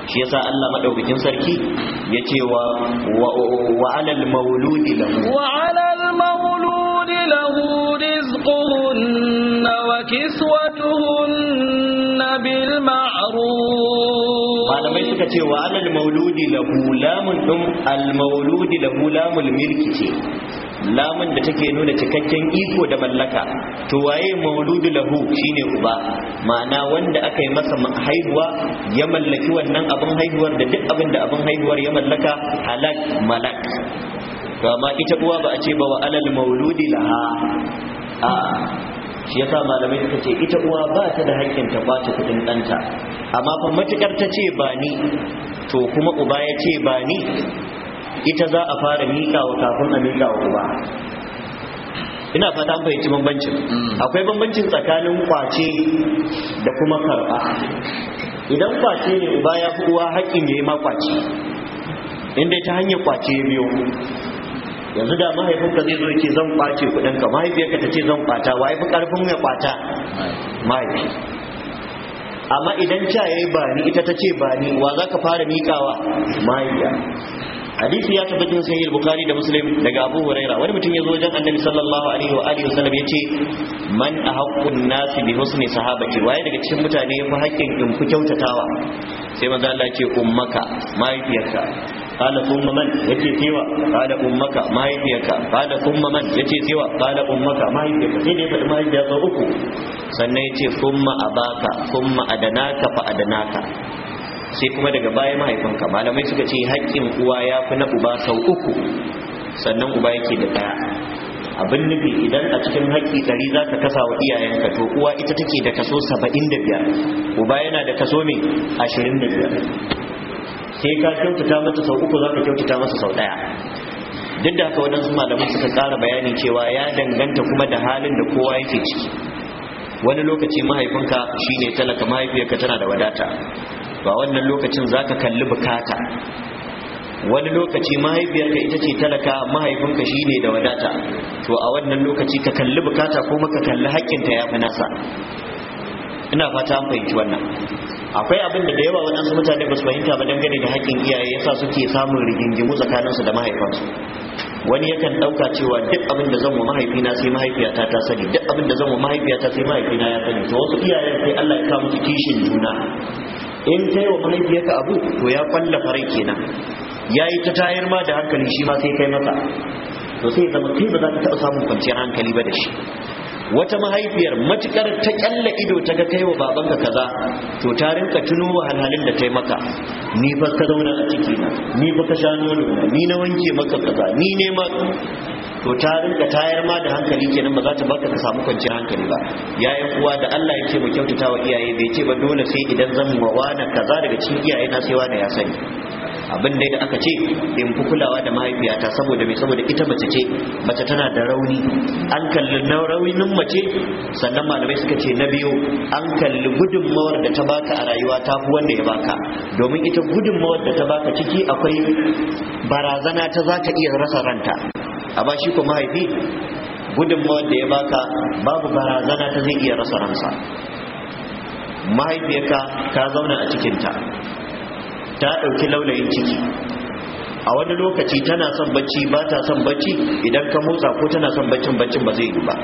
shi yasa Allah madaukakin sarki yace wa wa alal mauludi lahu wa alal mauludi lahu rizquhunna wa kiswatuhunna bil ma'ruf malamai suka ce wa alal mauludi lahu lamun dum al mauludi lahu lamul milki ce lamun da take nuna cikakken iko da mallaka to waye mauludu lahu shine uba ma'ana wanda aka yi masa haihuwa ya mallaki wannan abin haihuwar da duk abin da abin haihuwar ya mallaka halak malak to amma ita uwa ba a ce ba wa alal mauludi laha a shi yasa malamai suka ce ita uwa ba ta da haƙƙin ta kwace kuɗin ɗanta amma fa matukar ta ce ba ni to kuma uba ya ce ba ni ita za a fara miƙawa kafin a wa uba ina fata fahimci bambancin mm. akwai bambancin tsakanin kwace da kuma karɓa idan kwace ne uba ya fi uwa haƙƙin ya yi ma kwace inda ta hanyar kwace ya biyo yanzu da mahaifinka zai zo ce zan kwace kuɗinka mahaifiyarka ta ce zan kwata wa fi ƙarfin ya kwata mahaifi amma idan cha ya yi ba ni ita ta ce ba ni wa za ka fara miƙawa mahaifiya hadisi ya cikin sun Al-Bukhari da muslim daga abu huraira wani mutum ya zo wajen annabi sallallahu alaihi wa alihi wasallam ya ce man ahaqqun nasi bi husni sahabati waye daga cikin mutane ya fi haƙƙin in ku kyautatawa sai manzo Allah ya ce ummaka mahaifiyarka qala kuma man yace cewa qala ummaka mahaifiyarka qala kuma man yace cewa qala ummaka mahaifiyarka sai ne ya faɗi mahaifiyarsa uku sannan ya ce thumma abaka thumma adanaka fa adanaka sai kuma daga baya mahaifinka malamai suka ce haƙƙin uwa ya fi na uba sau uku sannan uba yake da ɗaya abin nufi idan a cikin haƙƙi ɗari za ka kasa wa iyayenka to uwa ita take da kaso saba'in da biyar uba yana da kaso mai ashirin da biyar sai ka kyautata mata sau uku za ka kyautata masa sau ɗaya duk da haka waɗansu malamai suka ƙara bayani cewa ya danganta kuma da halin da kowa yake ciki wani lokaci mahaifinka shine talaka mahaifiyarka tana da wadata ba wannan lokacin za ka kalli bukata wani lokaci mahaifiyarka ita ce talaka mahaifinka shi ne da wadata to a wannan lokaci ka kalli bukata ko maka kalli haƙƙinta ya fi nasa ina fata an fahimci wannan akwai abin da da yawa waɗansu mutane ba su fahimta ba dangane da haƙƙin iyaye yasa suke samun rigingimu tsakaninsu da mahaifansu wani yakan ɗauka cewa duk abin da zan wa mahaifina sai mahaifiyata ta sani duk abin da zan wa mahaifiyata sai mahaifina ya sani to wasu iyayen sai Allah ya kawo musu kishin juna in kai wa mahaifiyarka abu to ya kwalla farai kenan ya yi ta tayar ma da hankali shi ma sai kai masa to sai zama kai ba za ka taɓa samun kwanciyar hankali ba da shi wata mahaifiyar matukar ta kyalla ido ta ga kai wa babanka kaza to ta rinka tuno wa halhalin da ta maka ni fa ka zauna a ciki na ni fa ka sha ni na wanke maka kaza ni ne ma to ta rinka tayar ma da hankali kenan ba za ta baka ka samu kwanciyar hankali ba yayin uwa da Allah yake mu kyautata wa iyaye bai ce ba dole sai idan zan mu wani kaza daga cikin iyaye na sai wani ya sani abin da aka ce in fi kulawa da mahaifiyata saboda mai saboda ita mace ce mace tana da rauni an kalli na raunin mace sannan malamai suka ce na biyu an kalli gudunmawar da ta baka a rayuwa ta fi wanda ya baka domin ita gudunmawar da ta baka ciki akwai barazana ta za ta iya rasa ranta amma shi ko mahaifi gudunmawar da ya baka babu barazana ta zai iya rasa ransa mahaifiyarka ka zauna a cikinta ta ɗauki laulayin ciki a wani lokaci tana son bacci ba ta son bacci idan ka motsa ko tana son baccin baccin ba zai yi ba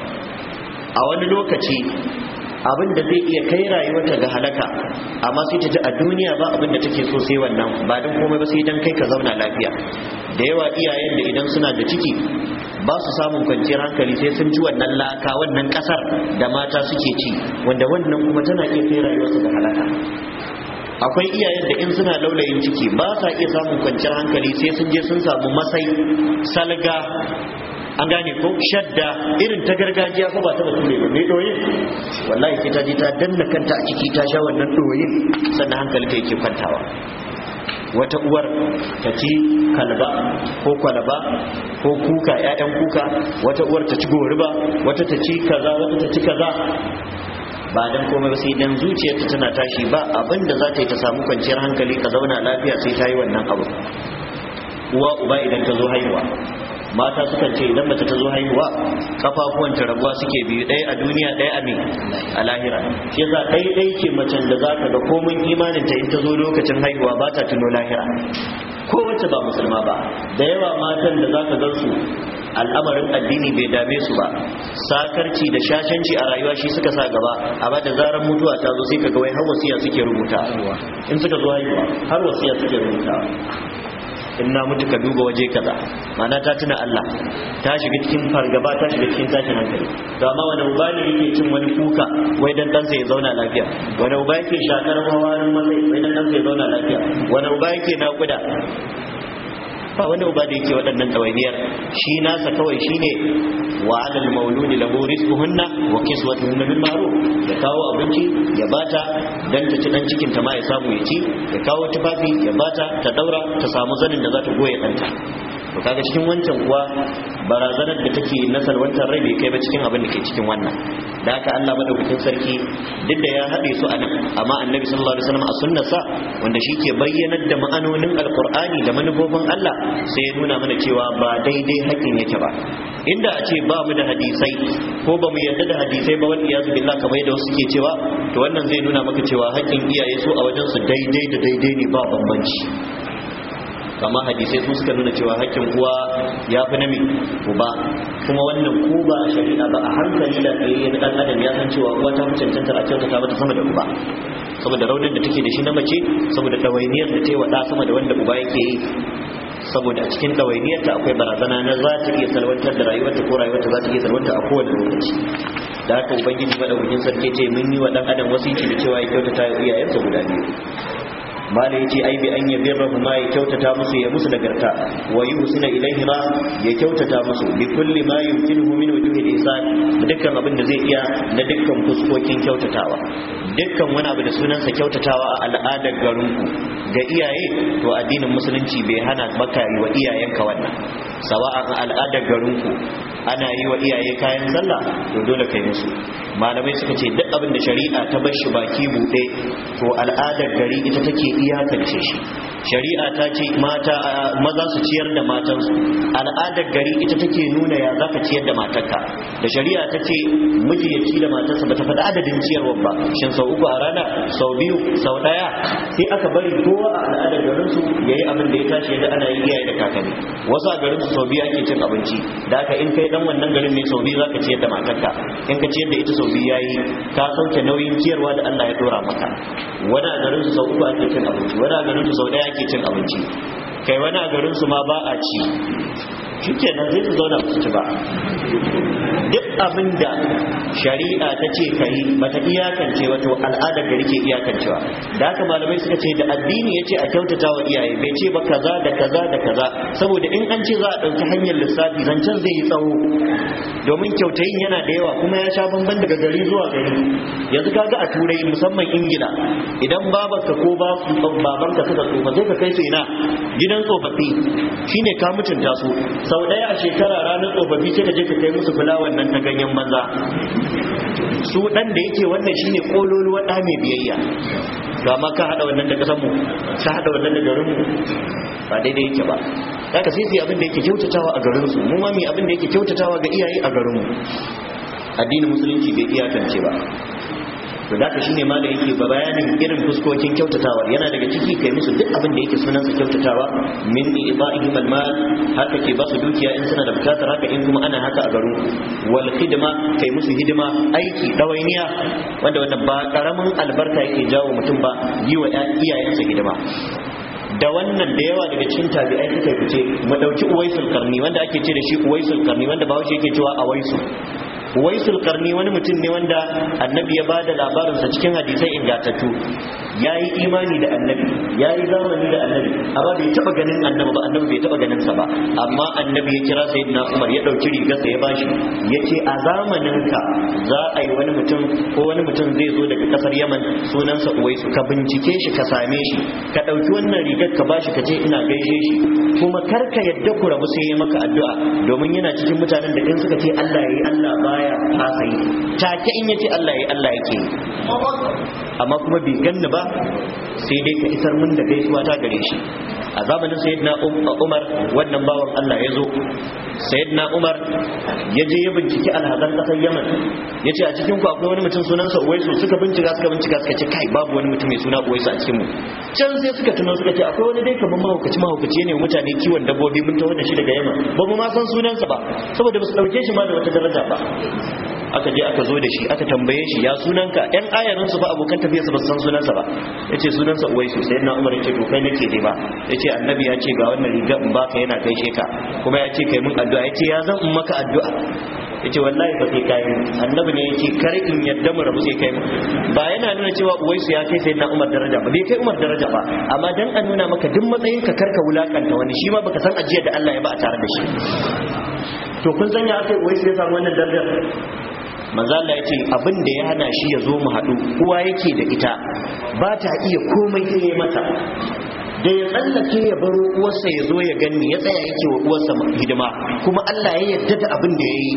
a wani lokaci abin da zai iya kai rayuwarta ga halaka amma sai ta ji a duniya ba abin da take so sai wannan ba don komai ba sai dan kai ka zauna lafiya da yawa iyayen da idan suna da ciki ba su samun kwanciyar hankali sai sun ji wannan laka wannan kasar da mata suke ci wanda wannan kuma tana iya kai rayuwarsu da halaka akwai iyayen da in suna laulayin ciki ba sa iya samun kwanciyar hankali sai sun je sun samu masai salga an gane ko shadda irin ta gargajiya ko ba ta bature ba mai doyin wallahi sai ta je ta danna kanta a ciki ta sha wannan doyin sannan hankali ta yake kwantawa wata uwar ta ci kalba ko kwalaba ko kuka ƴaƴan kuka wata uwar ta ci goriba wata ta ci kaza wata ta ci kaza ba dan komai ba sai dan zuciyarta tana tashi ba abinda da za ta yi ta samu kwanciyar hankali ka zauna lafiya sai ta yi wannan abu uwa uba idan ta zo haihuwa mata sukan ce idan mace ta zo haihuwa kafafuwan ta rabuwa suke biyu ɗaya a duniya ɗaya a me a lahira shi yasa ɗaya ce macen da za ka ga komin imanin ta in ta zo lokacin haihuwa ba ta tuno lahira ko wacce ba musulma ba da yawa matan da za ka gan su al'amarin addini bai dame su ba sakarci da shashanci a rayuwa shi suka sa gaba amma da zarar mutuwa ta zo sai ka ga wai har wasiya suke rubuta in suka zo haihuwa har wasiya suke rubuta in na mutu ka duba waje kaza ma'ana ta tuna Allah ta shiga cikin fargaba ta shiga cikin tashin hankali to amma wani uba ne yake cin wani kuka wai dan ɗansa ya zauna lafiya wani uba yake shakar hawarin mai wai dan ɗansa ya zauna lafiya wani uba yake nakuda ba wani uba da yake waɗannan ɗawainiyar shi nasa kawai shine wa alal mauludi lahu rizquhunna wa kiswatuhunna bil ma'ruf ya kawo abinci ya bata dan ta ci dan cikin ta ma ya samu ya ci ya kawo tufafi ya bata ta daura ta samu zanin da za ta goye ɗanta to kaga cikin wancan kuwa barazanar da take nasar wata rai bai kai ba cikin abin da ke cikin wannan da haka Allah madaukakin sarki duk da ya haɗe su anan amma annabi sallallahu alaihi wasallam a sunnarsa wanda shi ke bayyanar da ma'anonin alkur'ani da manufofin Allah sai ya nuna mana cewa ba daidai haƙin yake ba inda a ce ba mu da hadisai ko ba mu yarda da hadisai ba wani iyazu billah kamar yadda wasu ke cewa to wannan zai nuna maka cewa haƙin iyaye su a wajen su daidai da daidai ne ba bambanci kama hadisai su suka nuna cewa hakkin uwa ya fi nami uba kuma wannan ko ba shari'a ba a hankali da tsayayyen dan adam ya san cewa uwa ta fi a a kyautata mata sama da uba saboda raunin da take da shi na mace saboda ɗawainiyar da ta yi wa sama da wanda uba yake yi saboda cikin dawainiyar ta akwai barazana na za ta iya salwantar da rayuwarta ko rayuwarta za ta iya salwanta a kowane lokaci da haka ubangiji madaukakin sarki ce mun yi wa dan adam wasu da cewa ya kyautata iyayensa guda biyu mala yace ai bi an ma ya kyautata musu ya musu nagarta wa ilaihi ma ya kyautata musu bi kulli ma yumkinuhu min wujuhil ihsan dukkan abin da zai iya na dukkan kuskokin kyautatawa dukkan wani abu da sunansa kyautatawa a al'adar garinku ga iyaye to addinin musulunci bai hana maka yi wa iyayenka wannan sawa'an al'adar garinku ana yi wa iyaye kayan sallah to dole kai musu malamai suka ce duk abin da shari'a ta bar shi baki buɗe to al'adar gari ita take iyakance shi shari'a ta ce mata maza su ciyar da matansu al'adar gari ita take nuna ya zaka ciyar da matarka da shari'a ta ce miji ya ci da matarsa ba ta faɗi adadin ciyarwar ba shin sau uku a rana sau biyu sau ɗaya sai aka bari kowa a al'adar garinsu ya yi abin da ya tashi yadda ana yi iyaye da kakanni wasu a garinsu sau biyu ake cin abinci da aka in kai dan wannan garin mai sau biyu ka ciyar da matarka in ka ciyar da ita sau biyu yayi ka sauke nauyin ciyarwa da Allah ya dora maka wani a garin su sau uku ake cin abinci wani a garin su sau ɗaya ake cin abinci kai wani a garin su ma ba a ci shikenan zai su zauna su ci ba duk abin da shari'a ta ce ka yi bata iyakance wato al'adar da rike iyakancewa da haka malamai suka ce da addini ya ce a kyautata wa iyaye bai ce ba kaza da kaza da kaza saboda in an ce za a ɗauki hanyar lissafi zancen zai yi tsawo domin kyautayin yana da yawa kuma ya sha bamban daga gari zuwa gari yanzu kaga a turai musamman ingila idan babanka ko babanka suka tsufa zai ka kai su ina gidan tsofaffi shine ka mutunta su sau ɗaya a shekara ranar tsofaffi sai ka je ka kai musu fulawa wannan ta ganyen maza su dan da yake wannan shine kololuwa da mai biyayya ga ma ka hada wannan da kasan mu ka hada wannan da garinmu ba daidai yake ba haka ka sisi abin da yake kyautatawa a garin su mu ma abin da yake kyautatawa ga iyaye a garinmu addinin musulunci bai iyakance ba to da ka shine ma da yake bayanin irin fuskokin kyautatawa yana daga ciki kai musu duk abin da yake sunan sa kyautatawa min ibadihim almal haka ke ba su dukiya in suna da bukatar haka in kuma ana haka a garu wal khidma kai musu hidima aiki dawainiya wanda wannan ba karamin albarka yake jawo mutum ba yi wa iyayensa hidima da wannan da yawa daga cikin tabi'ai suka fice mu dauki uwaisul karni wanda ake ce da shi uwaisul karni wanda bawo yake cewa awaisu waisul karni wani mutum ne wanda annabi ya bada labarinsa cikin hadisai ingatattu ya yi imani da annabi ya yi zamani da annabi amma bai taba ganin annabi ba annabi bai taba ganin sa ba amma annabi ya kira sayyidina umar ya dauki rigarsa ya bashi yace a zamanin ka za a yi wani mutum ko wani mutum zai zo daga kasar yaman sunansa waisu ka bincike shi ka same shi ka dauki wannan rigar ka bashi ka ce ina gaishe shi kuma kar ka yadda ku rabu sai ya maka addu'a domin yana cikin mutanen da in suka ce Allah ya yi Allah ba baya fasa yi take in yace Allah ya Allah yake amma kuma bi ganni ba sai dai ka isar mun da suwa ta gare shi a zamanin sayyidina um, umar wannan bawan Allah ya zo sayyidina umar ya je ya binciki alhazan kasar yaman ya ce a cikin ku akwai wani mutum sunansa uwaisu suka bincika suka bincika suka ce kai babu wani mutum mai suna uwaisu a cikin mu can sai suka tuno suka ce akwai wani dai kamar mahaukaci mahaukaci ne mutane kiwon dabbobi mun tawo da shi daga yaman ba mu ma san sunansa ba saboda ba su dauke shi ma da wata daraja ba aka je aka zo da shi aka tambaye shi ya sunanka ɗan ayarin su ba abokan tafiya su ba san sunansa ba yace sunansa uwaisu sai na umar ce to kai nake ne ba yace annabi ya ce ga wannan riga in baka yana gaishe ka kuma ya ce kai mun addu'a ce ya zan in maka addu'a yace wallahi ba sai kai annabi ne ya ce kar in yadda mu rabu sai kai ba yana nuna cewa uwaisu ya kai na umar daraja ba bai kai umar daraja ba amma dan a nuna maka duk matsayin ka karka wulakanta wani shi ma baka san ajiyar da Allah ya ba a tare da shi to kun sanya akai uwaisu ya samu wannan darajar manzala ya ce abin da ya hana shi ya zo mu haɗu uwa yake da ita ba ta iya komai sai mata da ya tsallake ya baro uwarsa ya zo ya gani ya tsaya yake wa uwarsa hidima kuma Allah ya yarda da abin da yayi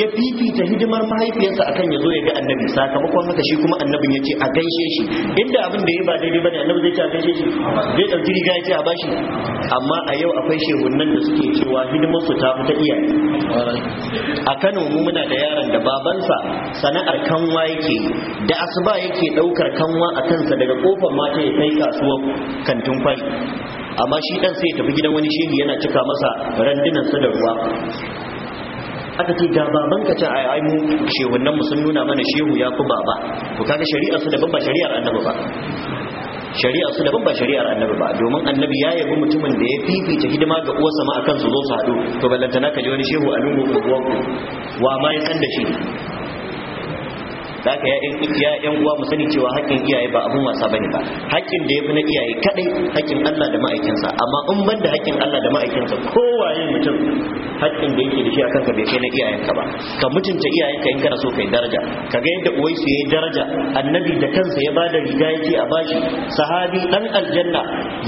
ya fifita hidimar mahaifiyarsa akan ya zo ya ga annabi sakamakon haka shi kuma annabin yace a gaishe shi inda abin da yayi ba daidai bane annabi zai ce a gaishe shi zai dauki riga ya a bashi amma a yau akwai shehunnan da suke cewa hidimar su ta fita iya a Kano mu muna da yaron da babansa sana'ar kanwa yake da asuba yake daukar kanwa a kansa daga kofar mata ya kai kasuwar kantin bari amma shi dan sai ya tafi gidan wani shehi yana cika masa randunan sa da ruwa aka ce ga baban ka ce ai mu shehunnan mu sun nuna mana shehu ya fi baba to kaga shari'ar su daban ba shari'ar annabi ba shari'ar su daban ba shari'ar annabi ba domin annabi ya yabi mutumin da ya fifita hidima ga uwarsa ma akan su zo su haɗu to ballantana ka ji wani shehu a lungu ko wa ma ya san da shi da haka ya yan uwa mu sani cewa haƙƙin iyaye ba abun wasa bane ba haƙƙin da yafi na iyaye kadai haƙƙin Allah da ma'aikinsa amma in ban da haƙƙin Allah da ma'aikinsa kowaye mutum haƙƙin da yake da shi a ka bai kai na ka ba ka mutunta ka in kana so kai daraja ka ga yadda uwaisu yayi daraja annabi da kansa ya bada riga yake a bashi sahabi dan aljanna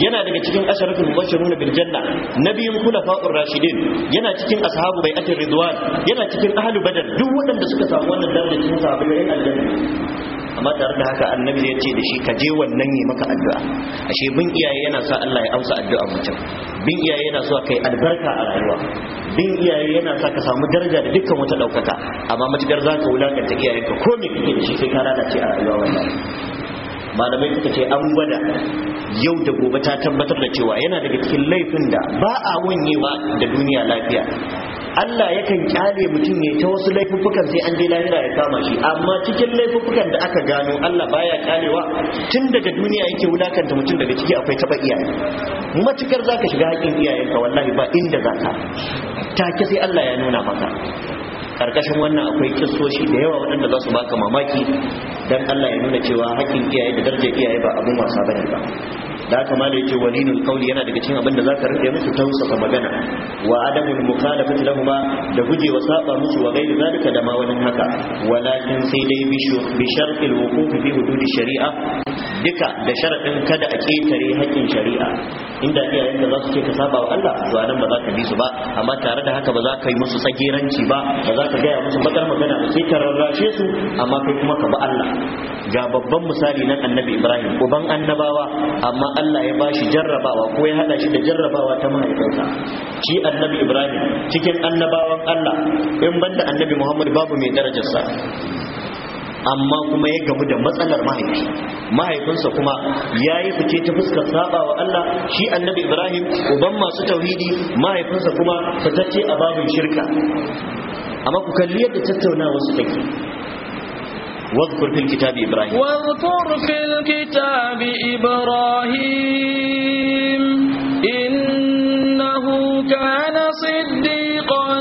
yana daga cikin asharatul mubashiruna bil janna nabiyin khulafa'ur rashidin yana cikin ashabu bai'atir ridwan yana cikin ahlul badar duk waɗanda suka samu wannan daraja cikin sahabbai aljanna din amma tare da haka annabi zai ce da shi ka je wannan yi maka addu'a ashe bin iyaye yana sa Allah ya amsa addu'a mutum bin iyaye yana sa kai albarka a rayuwa bin iyaye yana sa ka samu daraja da dukkan wata daukaka amma matukar za ka wulakanta ka ko me kake da shi sai ka lalace a rayuwa wannan malamai suka ce an gwada yau da gobe ta tabbatar da cewa yana daga cikin laifin da ba a wanyewa da duniya lafiya Allah yakan kyale mutum ne ta wasu laifuffukan sai an je lahira ya kama shi amma cikin laifuffukan da aka gano Allah baya kyalewa tun daga duniya yake wulakanta mutum daga ciki akwai taba iyaye matukar zaka shiga haƙin iyayenka wallahi ba inda zaka take sai Allah ya nuna maka karkashin wannan akwai kissoshi da yawa waɗanda za su baka mamaki don Allah ya nuna cewa haƙin iyaye da darajar iyaye ba abin wasa bane ba da haka malai yake walinul qawli yana daga cikin abin da zaka rike musu tausafa magana wa adamul mukhalafati lahum da guje wa saba musu wa gairi zalika da ma wani haka walakin sai dai bi shartil wuquf fi hududi shari'a duka da sharaɗin kada a ƙetare haƙƙin shari'a inda iyayen da za su ce ka saba wa Allah to nan ba za ka bi su ba amma tare da haka ba za ka yi musu tsageranci ba ba za ka gaya musu bakar magana ba sai ka rarrashe su amma kai kuma ka ba Allah ga babban misali nan annabi Ibrahim uban annabawa amma Allah ya bashi jarrabawa ko ya hada shi da jarrabawa ta mahaifinsa shi annabi Ibrahim cikin annabawan Allah in banda annabi Muhammad babu mai darajarsa amma kuma ya gamu da matsalar mahaifi mahaifinsa kuma ya yi fice ta fuskar saba wa Allah shi annabi Ibrahim uban masu tauhidi mahaifinsa kuma fitacce a babin shirka amma ku kalli yadda tattaunawa su take واذكر في الكتاب إبراهيم واذكر في الكتاب إبراهيم إنه كان صديقا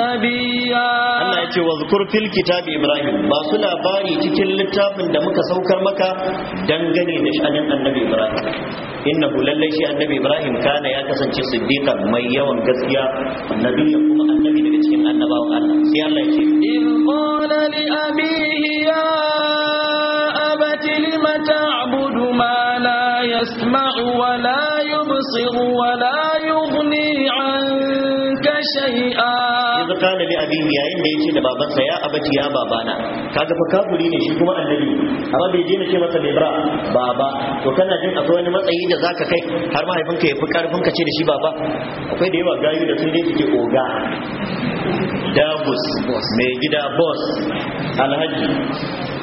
نبيا Allah ya ce wa zukur fil kitabi Ibrahim ba su labari cikin littafin da muka saukar maka dangane da sha'anin annabi Ibrahim innahu lallai shi annabi Ibrahim kana ya kasance siddiqan mai yawan gaskiya annabi ya kuma annabi daga cikin annabawan Allah sai Allah ya ce in qala li abihi ya abati lima ta'budu ma la yasma'u wa la yubsiru wa la yughni anka shay'a qala li abihi yayin da yace da babansa ya abati ya babana kaga fa kafuri ne shi kuma annabi amma bai je ce masa libra baba to kana jin akwai wani matsayi da zaka kai har mahaifinka ya fi karfin ka ce da shi baba akwai da yawa gayu da sun dai suke oga dabus mai gida boss alhaji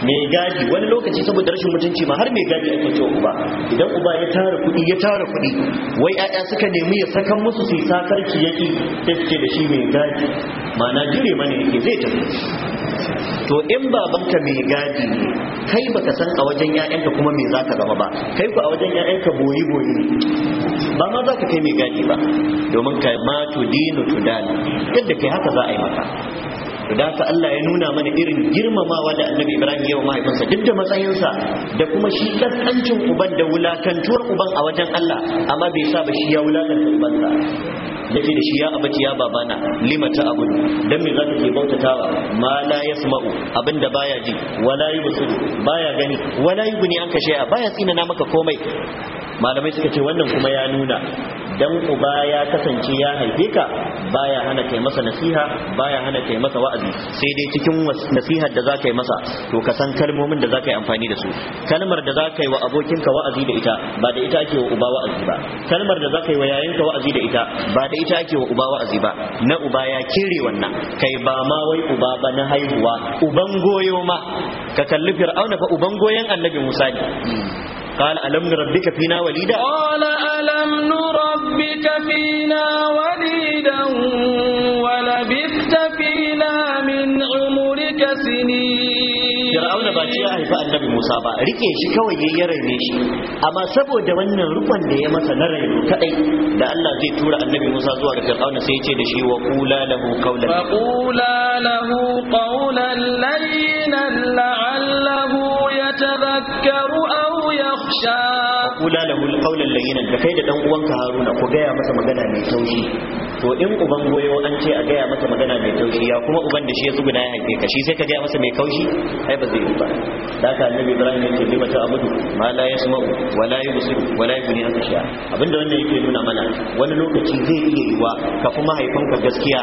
mai gadi wani lokaci saboda rashin mutunci ma har mai gadi ake ce uba idan uba ya tara kuɗi ya tara kuɗi wai 'ya'ya suka nemi ya sakan musu sai yi sakarki yaki sai da shi mai gadi mana jire mana yake zai tafi to in babanka mai gadi ne kai baka san a wajen 'ya'yanka kuma me zaka zama ba kai ku a wajen 'ya'yanka boyi boyi ne ba ma zaka kai mai gadi ba domin ka ma to dinu to dan yadda kai haka za a yi maka to da ta Allah ya nuna mana irin girmamawa da Annabi Ibrahim ya wa mahaifinsa duk da matsayinsa da kuma shi kaskancin uban da wulakantuwar uban a wajen Allah amma bai sa ba shi ya wulakanta sa yace da shi ya abaci ya babana lima ta abu dan me za zaka ke bautatawa ma la yasma'u abinda baya ji wala yubsiru baya gani wala yubni kashe a baya tsina na maka komai malamai suka ce wannan kuma ya nuna dan uba ya kasance ya haife ka baya hana kai masa nasiha baya hana kai masa wa'azi sai dai cikin nasihar da zaka yi masa to ka san kalmomin da zaka yi amfani da su kalmar da zaka yi wa abokinka wa'azi da ita ba da ita ake wa uba wa'azi ba kalmar da zaka yi wa yayinka wa'azi da ita ba da ita ake wa uba wa'azi ba na uba ya kire wannan kai ba ma wai uba ba na haihuwa uban goyo ma ka kalli fir'auna fa uban goyon annabi musa ne قال ألم نربك فينا وليدا قال ألم نربك فينا وليدا ولبث umurika sini fir'auna ba ce ya haifi annabi musa ba rike shi kawai yayi ya raine shi amma saboda wannan rukun da ya masa na raino kadai da Allah zai tura annabi musa zuwa ga fir'auna sai ya ce da shi wa qula lahu qawlan fa qula lahu qawlan da lahu alqawla layyinan da kai da dan uwanka haruna ku gaya masa magana mai taushi to in uban goyo an ce a gaya masa magana mai taushi ya kuma uban da shi ya zuba ya haife ka shi sai ka gaya masa mai kaushi ai ba zai yi ba da haka annabi ibrahim ya ce lima mata abudu ma la yasma'u wa la yubsiru wa la yughni anka shay'a abinda wannan yake nuna mana wani lokaci zai iya yiwa ka kuma ka gaskiya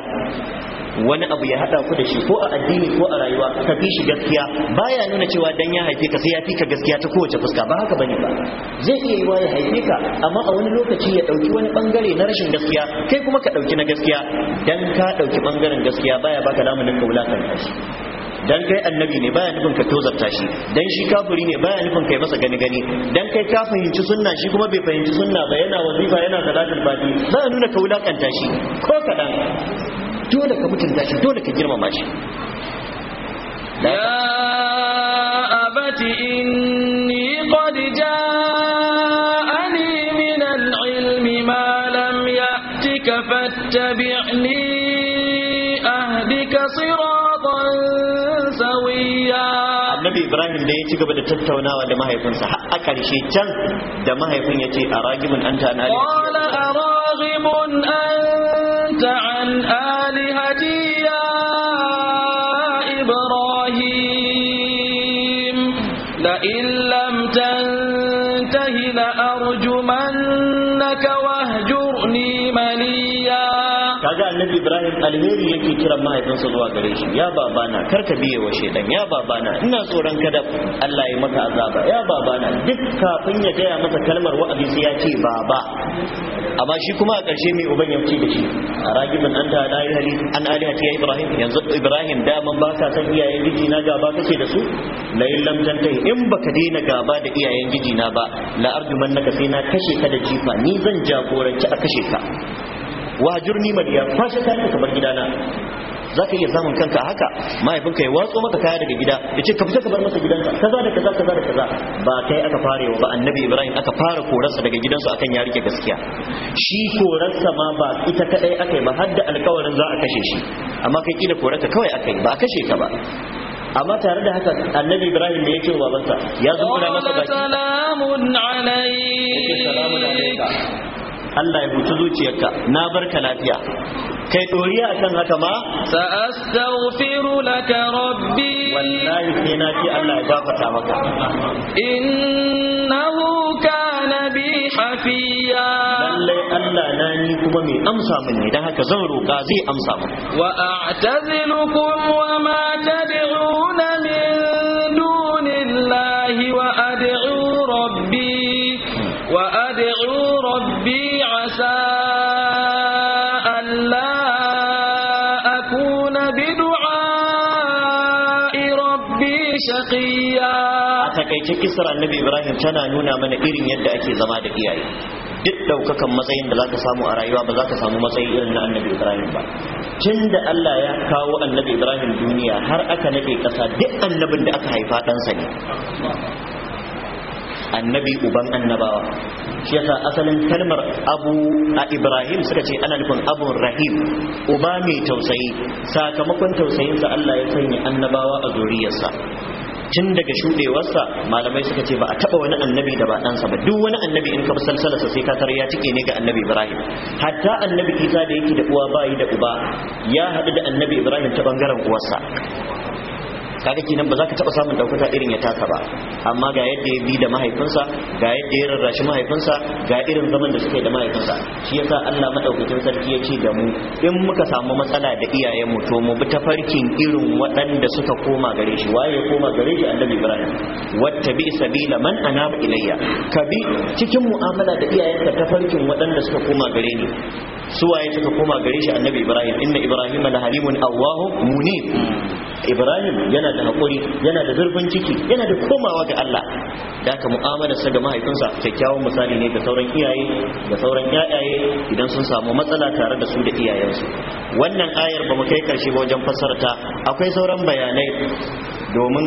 wani abu ya hada ku da shi ko a addini ko a rayuwa ka fi shi gaskiya baya nuna cewa dan ya haife ka sai ya fi ka gaskiya ta kowace fuska ba haka bane ba zai iya yiwa ya haife ka amma a wani lokaci ya dauki wani bangare na rashin gaskiya kai kuma ka dauki na gaskiya dan ka dauki bangaren gaskiya baya baka lamunin ka kan shi dan kai annabi ne baya nufin ka tozarta shi dan shi kafiri ne baya nufin kai masa gani gani dan kai ka fahimci sunna shi kuma bai fahimci sunna ba yana wazifa yana salatul fati ba nuna ka wulakanta shi ko kadan دولة كمتن تاشي دولة كجرمة ماشي لا يا أبت إني قد جاءني من العلم ما لم يأتك فاتبعني أهدك صراطا سويا النبي إبراهيم دي يتيك بدأ تتونا ولا ما أكل شيء تل ده ما هيكون يتي أراغب أنت أنا قال أراغب أنت عن أهدك هدي annabi ibrahim alheri yake kiran mahaifinsa zuwa gare shi ya babana kar ka biye wa shedan ya babana ina tsoron kada Allah ya maka azaba ya babana duk kafin ya gaya masa kalmar wa'azi sai ya ce baba amma shi kuma a ƙarshe mai uban yauci da shi a ragibin an ta da hali an alihati ya ibrahim yanzu ibrahim daman ba ka san iyayen giji na gaba kake da su la in in baka daina gaba da iyayen giji na ba la arjuman naka sai na kashe ka da jifa ni zan jagoranci a kashe ka wahjurni maliya kwashe kayan ka bar gidana za ka iya samun kanka haka mahaifinka ya watso maka kaya daga gida ya ce ka fita ka bar masa gidanka kaza da kaza kaza da kaza ba kai aka farewa ba annabi ibrahim aka fara korarsa daga gidansa akan ya rike gaskiya shi korarsa ma ba ita kadai aka yi ba har da alkawarin za a kashe shi amma kai kila korarka kawai aka yi ba a kashe ka ba amma tare da haka annabi ibrahim ne ya ce wa babansa ya zumbura masa baki salamun Allah ya hutu zuciyarka na barka lafiya kai doriya akan haka ma sa astaghfiru laka rabbi wallahi sai na ce Allah ya gafarta maka innahu kana bi hafiya lallai Allah na ni kuma mai amsa min ne dan haka zan roka zai amsa min wa a'tazilukum wa ma tad'una min ita kisar annabi ibrahim tana nuna mana irin yadda ake zama da iyaye duk daukakan matsayin da zaka samu a rayuwa ba zaka samu matsayi irin na annabi ibrahim ba tun da allah ya kawo annabi ibrahim duniya har aka nake kasa duk annabin da aka haifa ɗansa ne annabi uban annabawa shi yasa asalin kalmar abu a ibrahim suka ce ana nufin abun rahim uba mai tausayi sakamakon tausayinsa allah ya sanya annabawa a zuriyarsa tun daga shudewarsa malamai suka ce ba a taba wani annabi da ba ɗansa ba duk wani annabi in ka bi salsalarsa sai ka tarar ya tike ne ga annabi ibrahim hatta annabi isa da yake da uwa bayi da uba ya haɗu da annabi ibrahim ta bangaren uwarsa kaga nan ba za ka taba samun daukaka irin ya taka ba amma ga yadda ya bi da mahaifinsa ga yadda ya rarrashi mahaifinsa ga irin zaman da suke da mahaifinsa shi yasa Allah madaukakin sarki ya ce da mu in muka samu matsala da iyayen mu to mu bi tafarkin irin waɗanda suka koma gare shi waye ya koma gare shi annabi Ibrahim wattabi sabila man anaba ilayya ka bi cikin mu'amala da iyayenka tafarkin waɗanda suka koma gare ni Su waye suka koma gare shi annabi ibrahim inna ibrahim la halimun allah munib ibrahim yana da hakuri yana da zurfin ciki yana da komawa ga allah da ka mu'amalarsa ga mahaifinsa kyakkyawan misali ne ga sauran iyaye ga sauran yayaye idan sun samu matsala tare da su da iyayensu wannan ayar ba mu kai karshe ba wajen fassarta akwai sauran bayanai domin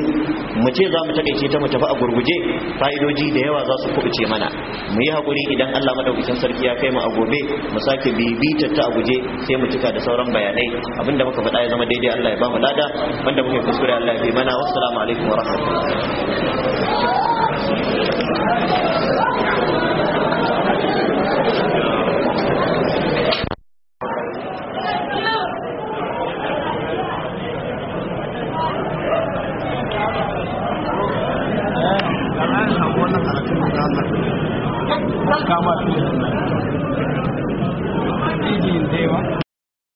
mu ce za mu takaice ta mu tafi a gurguje fa'idoji da yawa za su kubuce mana mu yi haƙuri idan Allah madaukakin sarki ya kai mu a gobe mu sake bibita ta a guje sai mu cika da sauran bayanai abinda muka faɗa ya zama daidai Allah ya ba mu lada wanda muke kuskure Allah ya bi mana wassalamu alaikum wa rahmatullahi